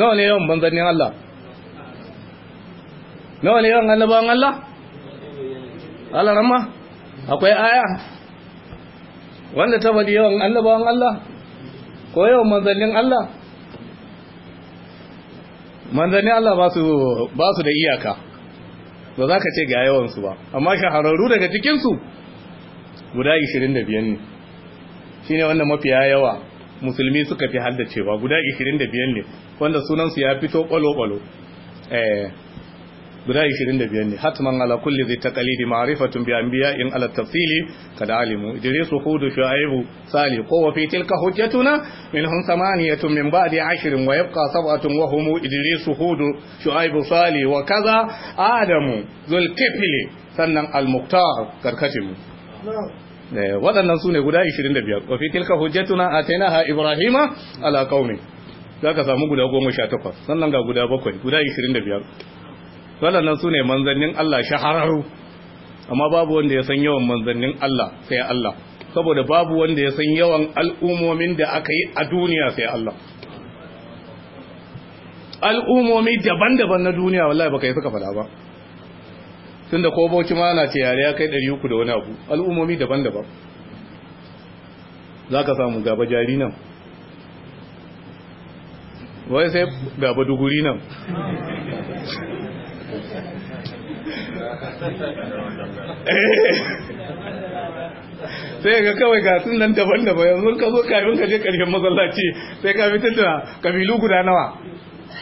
nawa ne yawan manzannin Allah nawa ne yawan annabawan Allah Allah ramma akwai aya wanda ta bari yawan annabawan Allah koyo manzannin Allah manzannin Allah ba su da iyaka ba za ka ce ga yawansu ba amma shahararru daga cikinsu guda 25 ne shi ne wanda mafiya yawa musulmi suka fi haddacewa guda 25 ne wanda sunansu ya fito kwalo-kwalo eh guda 25 ne hatman ala kulli zai taqalidi ma'rifatun bi anbiya'in ala tafsili kad alimu idris hudu shu'aibu sali ko wa fi tilka hujjatuna minhum samaniyatun min ba'di 10 wa yabqa sab'atun wa hum idris hudu shu'aibu sali wa kaza adamu zulkifli sannan al-muqtar karkatimu waɗannan su ne guda 25 wa fi tilka hujjatuna atainaha ibrahima ala qaumi za ka samu guda 18 sannan ga guda 7 guda 25 waɗannan su ne manzannin Allah shahararru amma babu wanda ya san yawan manzannin Allah sai Allah saboda babu wanda ya san yawan al'umomin da aka yi a duniya sai Allah al'umomi daban-daban na duniya wallahi baka yi suka fada ba tun da ko ma na ce yare ya kai 300 da wani abu al'umomi daban-daban za ka samu gaba jari nan wai sai gaba duguri nan sai ga kawai ga sun nan daban-daban yanzu ka zo kafin ka je karshen masallaci sai ka fitar da kabilu guda nawa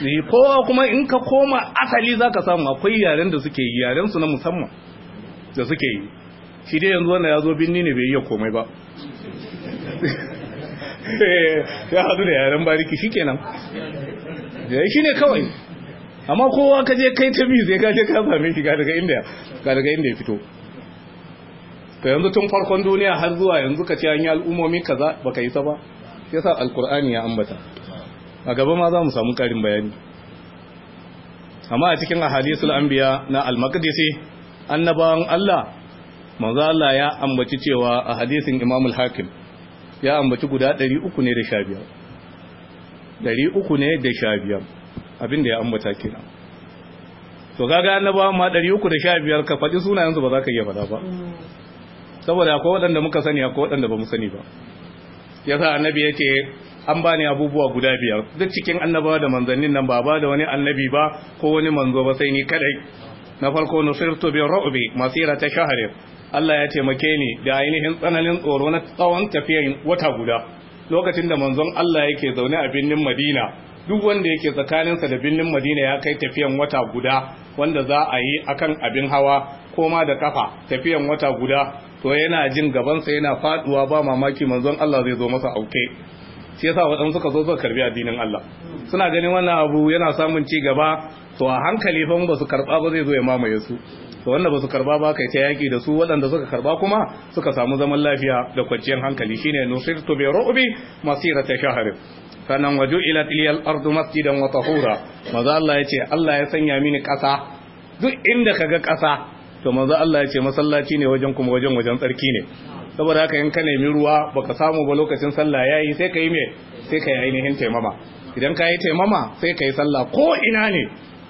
eh, kowa kuma in ka koma asali za ka samu akwai yaren da suke yi yaren su na musamman da suke yi shi dai yanzu wanda ya zo binni ne bai yi komai ba eh, ya hadu da yaren bariki shi kenan eh, shi ne kawai amma kowa ka je kai ta biyu sai ka je ka same shi ga daga inda ga daga ya fito to yanzu tun farkon duniya har zuwa yanzu ka ce an yi al'ummomi kaza baka yi ta ba sa alkur'ani ya ambata a gaba ma za mu samu karin bayani amma a cikin ahadisul anbiya na al-maqdisi annabawan Allah manzo Allah ya ambaci cewa a hadisin Imam al-Hakim ya ambaci guda 300 ne da 15 300 ne da 15 abin da ya ambata kenan to kaga annabawa ma 315 ka faɗi sunayensu ba za ka iya faɗa ba saboda akwai waɗanda muka sani akwai waɗanda ba mu sani ba yasa annabi yake an ba ni abubuwa guda biyar duk cikin annabawa da manzannin nan ba ba da wani annabi ba ko wani manzo ba sai ni kadai na farko nusirtu bi ru'bi masira ta shahrin Allah ya taimake ni da ainihin tsananin tsoro na tsawon tafiyar wata guda lokacin da manzon Allah yake zaune a birnin Madina duk wanda yake tsakaninsa da birnin madina ya kai tafiyan wata guda wanda za a yi akan abin hawa ko ma da kafa tafiyan wata guda to yana jin gabansa yana faduwa ba mamaki manzon Allah zai zo masa auke shi yasa waɗansu suka zo suka karbi addinin Allah suna ganin wannan abu yana samun ci gaba to a hankali fa ba su karba ba zai zo ya mamaye su to wanda ba su karba ba kai ta yaki da su waɗanda suka karba kuma suka samu zaman lafiya da kwanciyar hankali shine nusirtu bi ru'bi masirata shahr sanan waju ila iliyar ardu masjidan wa tahura maza Allah yace Allah ya sanya mini ƙasa duk inda kaga ƙasa to maza Allah yace masallaci ne wajen kuma wajen wajen tsarki ne saboda haka in ka nemi ruwa baka samu ba lokacin sallah yayi sai ka me sai ka yi ainihin taimama idan ka yi taimama sai kayi sallah ko ina ne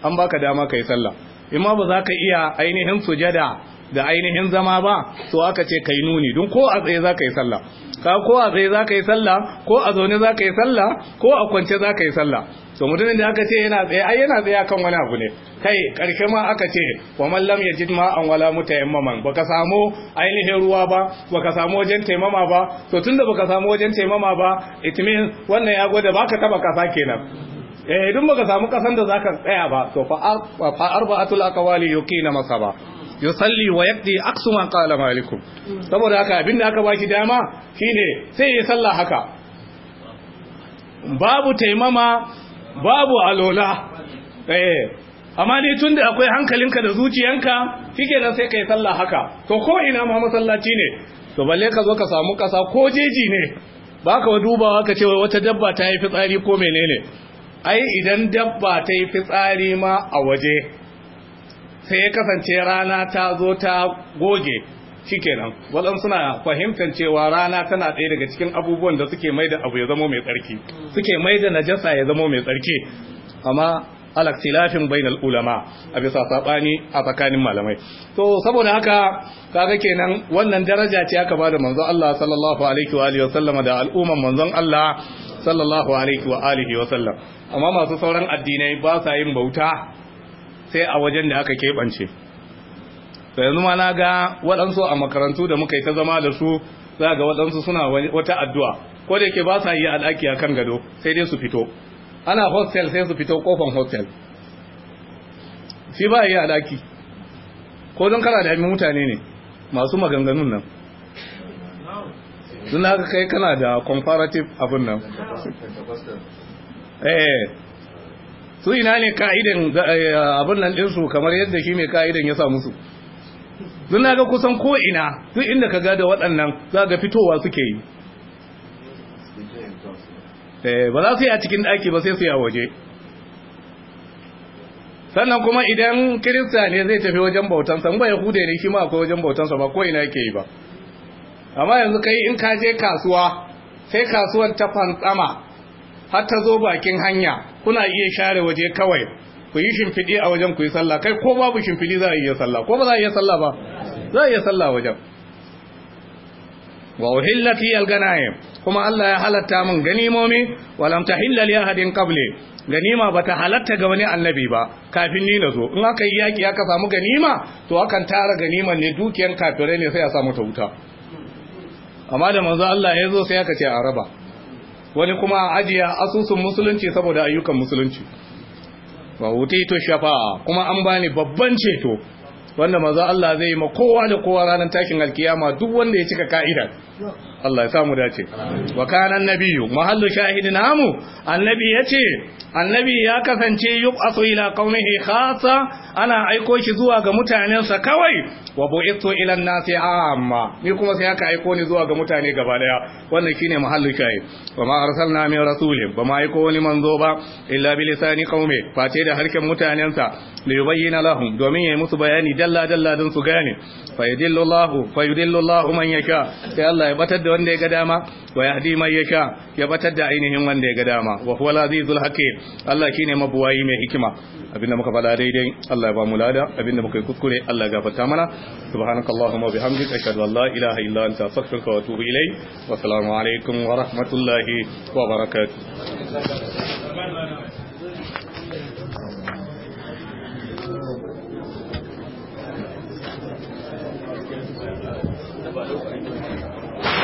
an baka dama ka yi sallah imma ba za ka iya ainihin sujada da ainihin zama ba to aka ce kai nuni don ko a tsaye za ka yi sallah ka ko a tsaye za ka yi sallah ko a zaune za ka yi sallah ko a kwance za ka yi sallah to mutumin da aka ce yana tsaye ai yana tsaye akan wani abu ne kai karshe ma aka ce wa man lam yajid ma an wala baka samu ainihin ruwa ba baka samu wajen taimama ba to tunda baka samu wajen taimama ba it means wannan ya gode baka taba kasa kenan eh duk baka samu kasan da zaka tsaya ba to fa arba'atul aqwali yuqina masaba yusalli wa yaqdi aqsu ma qala malikum saboda haka abinda aka baki dama shine sai ya salla haka babu taimama babu alola eh amma dai tunda akwai hankalinka da zuciyanka kike na sai kai salla haka to ko ina ma masallaci ne to balle ka zo ka samu kasa ko jeji ne baka dubawa ka ce wata dabba ta yi fitsari ko menene ai idan dabba ta yi fitsari ma a waje sai ya kasance rana ta zo ta goge shikenan waɗansu suna fahimtar cewa rana tana ɗaya daga cikin abubuwan da suke maida abu ya zama mai tsarki suke maida najasa ya zama mai tsarki amma alaktilafin bainal ulama a bisa saɓani a tsakanin malamai to saboda haka kaga kenan wannan daraja ce aka ba da manzon Allah sallallahu alaihi wa alihi wa sallama da al'umman manzon Allah sallallahu alaihi wa alihi wa sallam amma masu sauran addinai ba sa yin bauta sai a wajen da aka keɓance sai yanzu ma na ga waɗansu a makarantu da muka yi ta zama da su za ga waɗansu suna wata addu'a ko da yake ba sa yi al'aki a kan gado sai dai su fito ana hostel sai su fito kofan hostel shi ba yi al'aki ko don kana da abin mutane ne masu maganganun nan don haka kai kana da comparative abin nan eh su ina ne ka'idan eh, abin nan ɗinsu kamar yadda shi mai ka'idan ya sa musu sun na ga kusan ko ina duk inda ka gada waɗannan za ga fitowa suke yi eh, ba za su yi a cikin ɗaki ba sai su yi a waje sannan kuma idan kirista ne zai tafi wajen bautansa ba ya hude ne shi ma akwai wajen bautansa ba ko ina yake yi ba amma yanzu kai in ka je kasuwa sai kasuwar ta fantsama har ta zo bakin hanya kuna iya share waje kawai ku yi shimfiɗi a wajen ku yi sallah kai ko babu shimfiɗi za a iya sallah ko ba za a iya sallah ba za a iya sallah wajen wa uhillati al kuma Allah ya halatta min ganimomi wa lam tahilla li ahadin qabli ganima bata halatta ga wani annabi ba kafin ni nazo in aka yi yaki aka samu ganima to akan tara ganiman ne dukiyar kafirai ne sai a samu ta wuta amma da manzo Allah ya zo sai aka ce a raba wani kuma a ajiya asusun musulunci saboda ayyukan musulunci wa to shafa'a kuma an bani babban ceto wanda maza Allah zai yi ma kowa da kowa ranar tashin alkiyama duk wanda ya cika ka'idar Allah ya samu dace wa kana annabiyyu mahallu shahidin namu annabi yace annabi ya kasance yub'athu ila qaumihi khassa ana aiko shi zuwa ga mutanensa kawai wa bu'ithu ila an-nasi amma ni kuma sai aka aiko ni zuwa ga mutane gaba daya wannan shine mahallu shahid wa ma arsalna min rasulin ba ma aiko wani manzo ba illa bi lisani qaumi face da harkan mutanensa li yubayyana lahum domin yayi musu bayani dalla dalla don su gane fa yudillu Allahu fa yudillu Allahu man yasha sai Allah ya batar da wanda ya ga dama wa yahdi man yasha ya batar da ainihin wanda ya ga dama wa huwa al-azizul hakim Allah shine mabuwayi mai hikima abinda muka faɗa daidai Allah ya ba mu lada abinda muka yi kuskure Allah ya gafarta mana subhanakallahumma wa bihamdika ashhadu an la ilaha illa anta astaghfiruka wa atubu ilayk wa assalamu alaikum wa rahmatullahi wa barakatuh